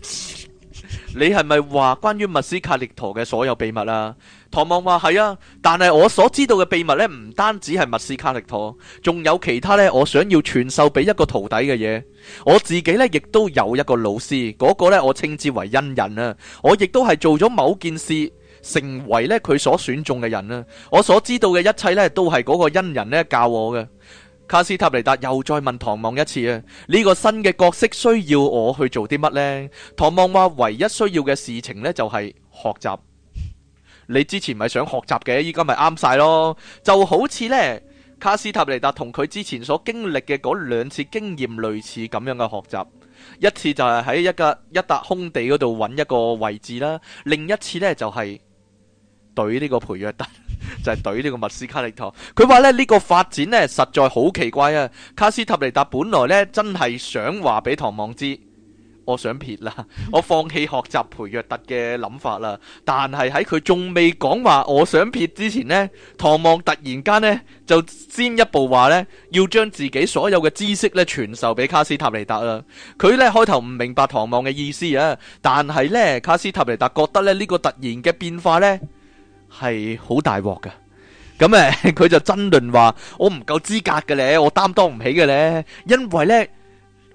你係咪話關於密斯卡力陀嘅所有秘密啊？唐望話係啊，但係我所知道嘅秘密呢，唔單止係密斯卡力陀，仲有其他呢。我想要傳授俾一個徒弟嘅嘢，我自己呢，亦都有一個老師，嗰個呢，我稱之為恩人啊。我亦都係做咗某件事，成為呢佢所選中嘅人啦。我所知道嘅一切咧，都係嗰個恩人咧教我嘅。卡斯塔尼達又再問唐望一次啊！「呢個新嘅角色需要我去做啲乜呢？」唐望話：唯一需要嘅事情呢就係學習。 你之前咪想學習嘅，依家咪啱晒咯。就好似呢，卡斯塔尼達同佢之前所經歷嘅嗰兩次經驗類似咁樣嘅學習，一次就係喺一個一笪空地嗰度揾一個位置啦，另一次呢就係懟呢個培約特。 就係對呢個密斯卡利托，佢話咧呢，這個發展咧實在好奇怪啊！卡斯塔尼達本來咧真係想話俾唐望知，我想撇啦，我放棄學習培約特嘅諗法啦。但係喺佢仲未講話我想撇之前呢，唐望突然間呢就先一步話呢要將自己所有嘅知識咧傳授俾卡斯塔尼達啦。佢呢開頭唔明白唐望嘅意思啊，但係呢卡斯塔尼達覺得咧呢，這個突然嘅變化呢。係好大鑊噶，咁誒，佢、嗯、就爭論話我唔夠資格嘅咧，我擔當唔起嘅咧，因為咧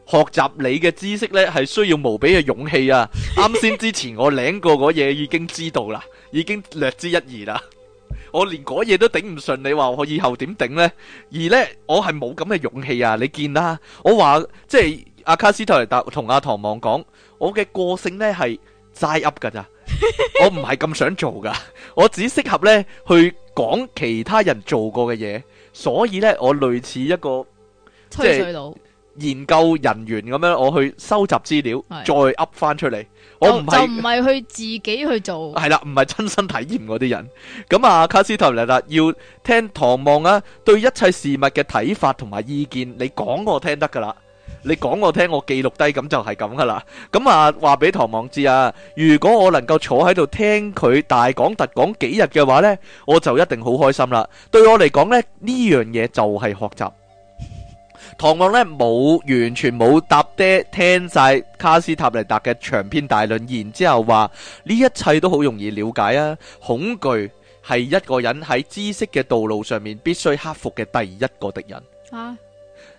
學習你嘅知識咧係需要無比嘅勇氣啊！啱先之前我領過嗰嘢已經知道啦，已經略知一二啦，我連嗰嘢都頂唔順，你話我以後點頂咧？而咧我係冇咁嘅勇氣啊！你見啦，我話即係阿卡斯特嚟達同阿唐望講，我嘅個性咧係齋噏噶咋。 我唔係咁想做噶，我只適合呢去講其他人做過嘅嘢，所以呢，我類似一個即 研究人員咁樣，我去收集資料的再噏翻出嚟。我唔係去自己去做，係啦，唔係親身體驗嗰啲人。咁啊，卡斯特嚟啦，要聽唐望啊對一切事物嘅睇法同埋意見，你講我聽得噶啦。你講我聽，我記錄低，咁就係咁噶啦。咁啊，話俾唐望知啊，如果我能夠坐喺度聽佢大講特講幾日嘅話呢，我就一定好開心啦。對我嚟講呢，呢樣嘢就係學習。唐望 呢，冇，完全冇搭爹聽晒卡斯塔尼達嘅長篇大論，然之後話呢一切都好容易了解啊。恐懼係一個人喺知識嘅道路上面必須克服嘅第一個敵人啊。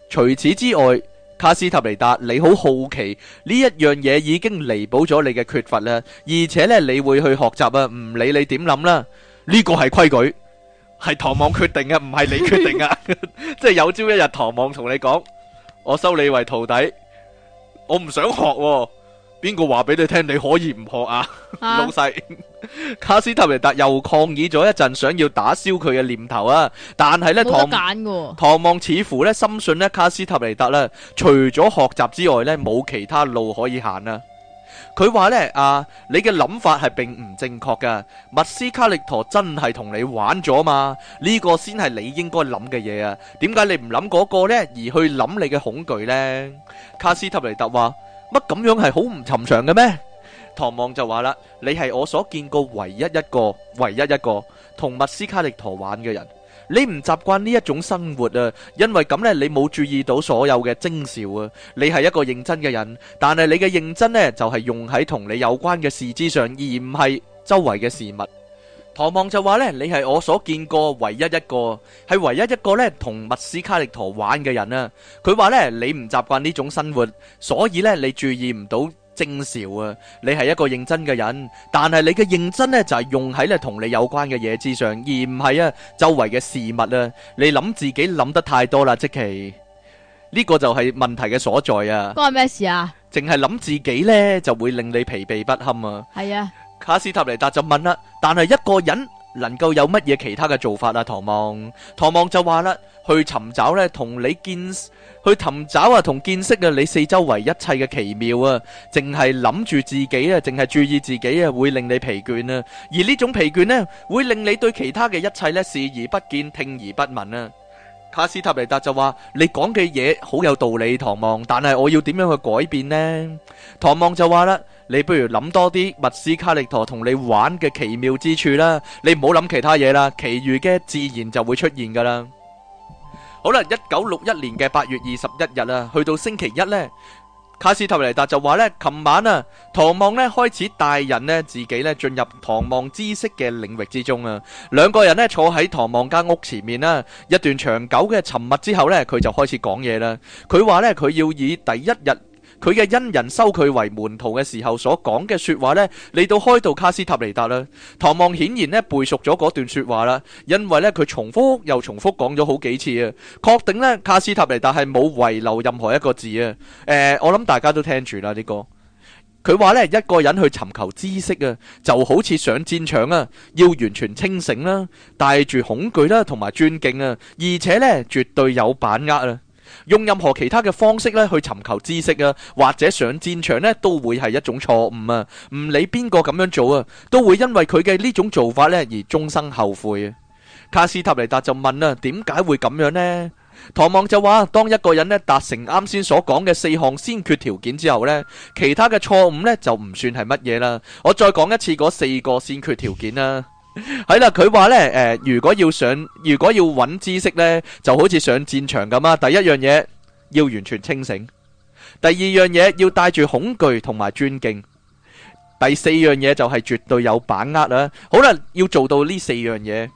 除此之外。卡斯塔尼達，你好好奇呢一樣嘢已經彌補咗你嘅缺乏啦，而且咧你會去學習啊，唔理你點諗啦，呢個係規矩，係唐望決定嘅，唔係你決定啊， 即係有朝一日唐望同你講，我收你為徒弟，我唔想學啊。邊個話俾你聽你可以唔學啊？老細、啊、 卡斯塔尼達又抗議咗一陣，想要打消佢嘅念頭啊！但係呢，唐唐望似乎呢深信呢卡斯塔尼達咧，除咗學習之外呢冇其他路可以行啊。佢話呢，啊，你嘅諗法係並唔正確噶。密斯卡力陀真係同你玩咗嘛？呢、呢個先係你應該諗嘅嘢啊！點解你唔諗嗰個呢而去諗你嘅恐懼呢？卡斯塔尼達話。乜咁樣係好唔尋常嘅咩？唐望就話啦，你係我所見過唯一一個、唯一一個同密斯卡力陀玩嘅人。你唔習慣呢一種生活啊，因為咁咧，你冇注意到所有嘅徵兆啊。你係一個認真嘅人，但係你嘅認真呢，就係用喺同你有關嘅事之上，而唔係周圍嘅事物。唐望就話咧，你係我所見過唯一一個，係唯一一個咧同密斯卡力陀玩嘅人啦、啊。佢話咧，你唔習慣呢種生活，所以咧你注意唔到徵兆啊。你係一個認真嘅人，但係你嘅認真咧就係、是、用喺咧同你有關嘅嘢之上，而唔係啊周圍嘅事物啦、啊。你諗自己諗得太多啦，即其呢個就係問題嘅所在啊。關咩事啊？淨係諗自己呢，就會令你疲憊不堪啊。係啊。卡斯塔尼達就問啦，但係一個人能夠有乜嘢其他嘅做法啊？唐望，唐望就話啦，去尋找咧，同你見，去尋找啊，同見識啊，你四周圍一切嘅奇妙啊，淨係諗住自己啊，淨係注意自己啊，會令你疲倦啊，而呢種疲倦呢，會令你對其他嘅一切呢視而不見，聽而不聞啊。卡斯塔尼達就話：你講嘅嘢好有道理啊，唐望，但係我要點樣去改變呢？唐望就話啦。你不如諗多啲墨斯卡利托同你玩嘅奇妙之處啦，你唔好諗其他嘢啦，其餘嘅自然就會出現噶啦。好啦，一九六一年嘅八月二十一日啦，去到星期一咧，卡斯塔尼達就話咧，琴晚啊，唐望咧開始帶引咧自己咧進入唐望知識嘅領域之中啊。兩個人咧坐喺唐望間屋前面啦，一段長久嘅沉默之後咧，佢就開始講嘢啦。佢話咧佢要以第一日。佢嘅恩人收佢為門徒嘅時候所講嘅說話呢，嚟到開導卡斯塔尼達啦。唐望顯然呢，背熟咗嗰段說話啦，因為呢，佢重複又重複講咗好幾次啊，確定呢，卡斯塔尼達係冇遺留任何一個字啊。誒，呃，我諗大家都聽住啦呢個。佢話呢，一個人去尋求知識啊，就好似上戰場啊，要完全清醒啦，帶住恐懼啦，同埋尊敬啊，而且呢，絕對有把握啊。用任何其他嘅方式咧，去尋求知識啊，或者上戰場咧都會係一種錯誤啊！唔理邊個咁樣做啊，都會因為佢嘅呢種做法咧而終生後悔啊！卡斯塔尼達就問啦：點解會咁樣呢？唐望就話：當一個人咧達成啱先所講嘅四項先決條件之後咧，其他嘅錯誤咧就唔算係乜嘢啦。我再講一次嗰四個先決條件啦。係啦，佢話呢，誒、呃，如果要上，如果要揾知識呢，就好似上戰場咁啊。第一樣嘢要完全清醒，第二樣嘢要帶住恐懼同埋尊敬，第四樣嘢就係絕對有把握啦。好啦，要做到呢四樣嘢。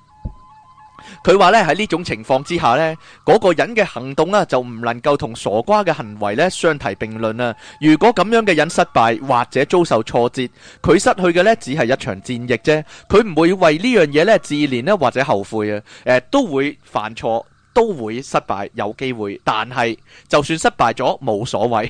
佢話咧喺呢種情況之下呢嗰、嗰個人嘅行動呢，就唔能夠同傻瓜嘅行為呢相提並論啊！如果咁樣嘅人失敗或者遭受挫折，佢失去嘅呢，只係一場戰役啫，佢唔會為呢樣嘢咧自憐咧或者後悔啊！誒、呃，都會犯錯，都會失敗，有機會，但係就算失敗咗冇所謂，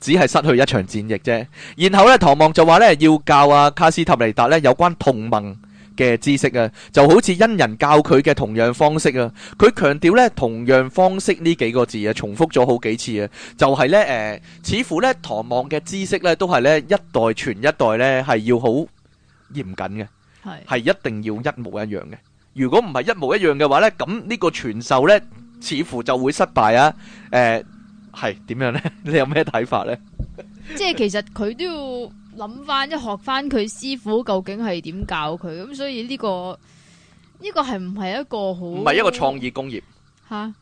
只係失去一場戰役啫。然後呢，唐望就話呢，要教阿卡斯塔尼達呢有關同盟嘅知識啊，就好似恩人教佢嘅同樣方式啊，佢強調咧同樣方式呢幾個字啊，重複咗好幾次啊，就係咧誒，似乎咧唐望嘅知識咧都係咧一代傳一代咧，係要好嚴謹嘅，係係一定要一模一樣嘅。如果唔係一模一樣嘅話咧，咁呢個傳授咧似乎就會失敗啊。誒係點樣咧？你有咩睇法咧？即係其實佢都要。諗翻一學翻佢師傅究竟係點教佢。咁所以呢個呢個係唔係一個好唔係一個創意工業吓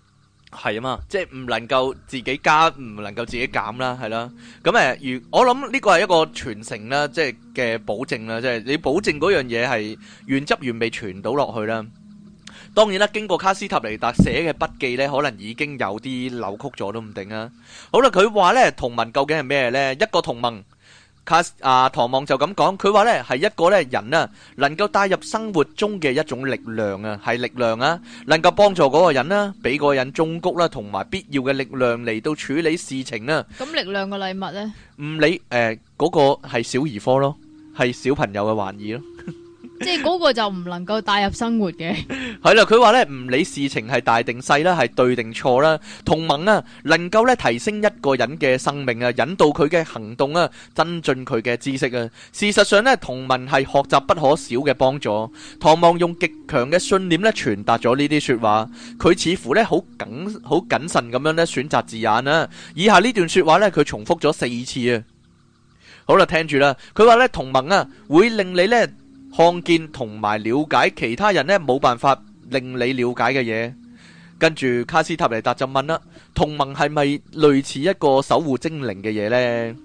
係啊嘛，即係唔能夠自己加，唔能夠自己減啦，係啦。咁誒，如我諗呢個係一個傳承啦，即係嘅保證啦，即係你保證嗰樣嘢係原汁原味傳到落去啦。當然啦，經過卡斯塔尼達寫嘅筆記咧，可能已經有啲扭曲咗都唔定啊。好啦，佢話咧，同盟究竟係咩咧？一個同盟。卡啊！唐望就咁講，佢話呢係一個呢人啊，能夠帶入生活中嘅一種力量啊，係力量啊，能夠幫助嗰個人啦，俾個人忠告啦，同埋必要嘅力量嚟到處理事情啊。咁力量嘅禮物呢？唔理誒，嗰個係小兒科咯，係小朋友嘅玩意咯。即係嗰個就唔能夠帶入生活嘅 。係啦，佢話咧，唔理事情係大定細啦，係對定錯啦，同盟啊，能夠咧提升一個人嘅生命啊，引導佢嘅行動啊，增進佢嘅知識啊。事實上呢，同盟係學習不可少嘅幫助。唐望用極強嘅信念咧傳達咗呢啲說話，佢似乎咧好謹好謹慎咁樣咧選擇字眼啊。以下呢段說話咧，佢重複咗四次啊。好啦，聽住啦，佢話咧，同盟啊，會令你咧。看見同埋了解其他人呢，冇辦法令你了解嘅嘢。跟住卡斯塔尼達就問啦，同盟係咪類似一個守護精靈嘅嘢呢？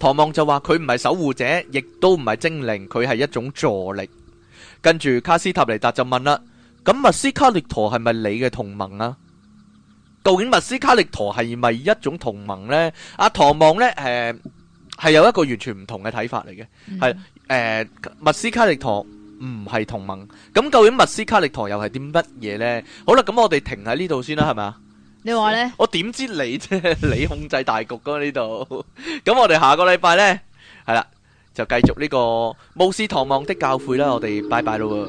唐望就話佢唔係守護者，亦都唔係精靈，佢係一種助力。跟住卡斯塔尼達就問啦，咁密斯卡利陀係咪你嘅同盟啊？究竟密斯卡利陀係咪一種同盟呢？阿、啊、唐望呢？誒，係有一個完全唔同嘅睇法嚟嘅，係。嗯誒，密、呃、斯卡力陀唔係同盟，咁究竟密斯卡力陀又係啲乜嘢呢？好啦，咁我哋停喺呢度先啦，係咪？你話呢？我點知你啫？ 你控制大局啊，呢度，咁 我哋下個禮拜呢，係啦，就繼續呢、這個巫士唐望的教誨啦，我哋拜拜咯。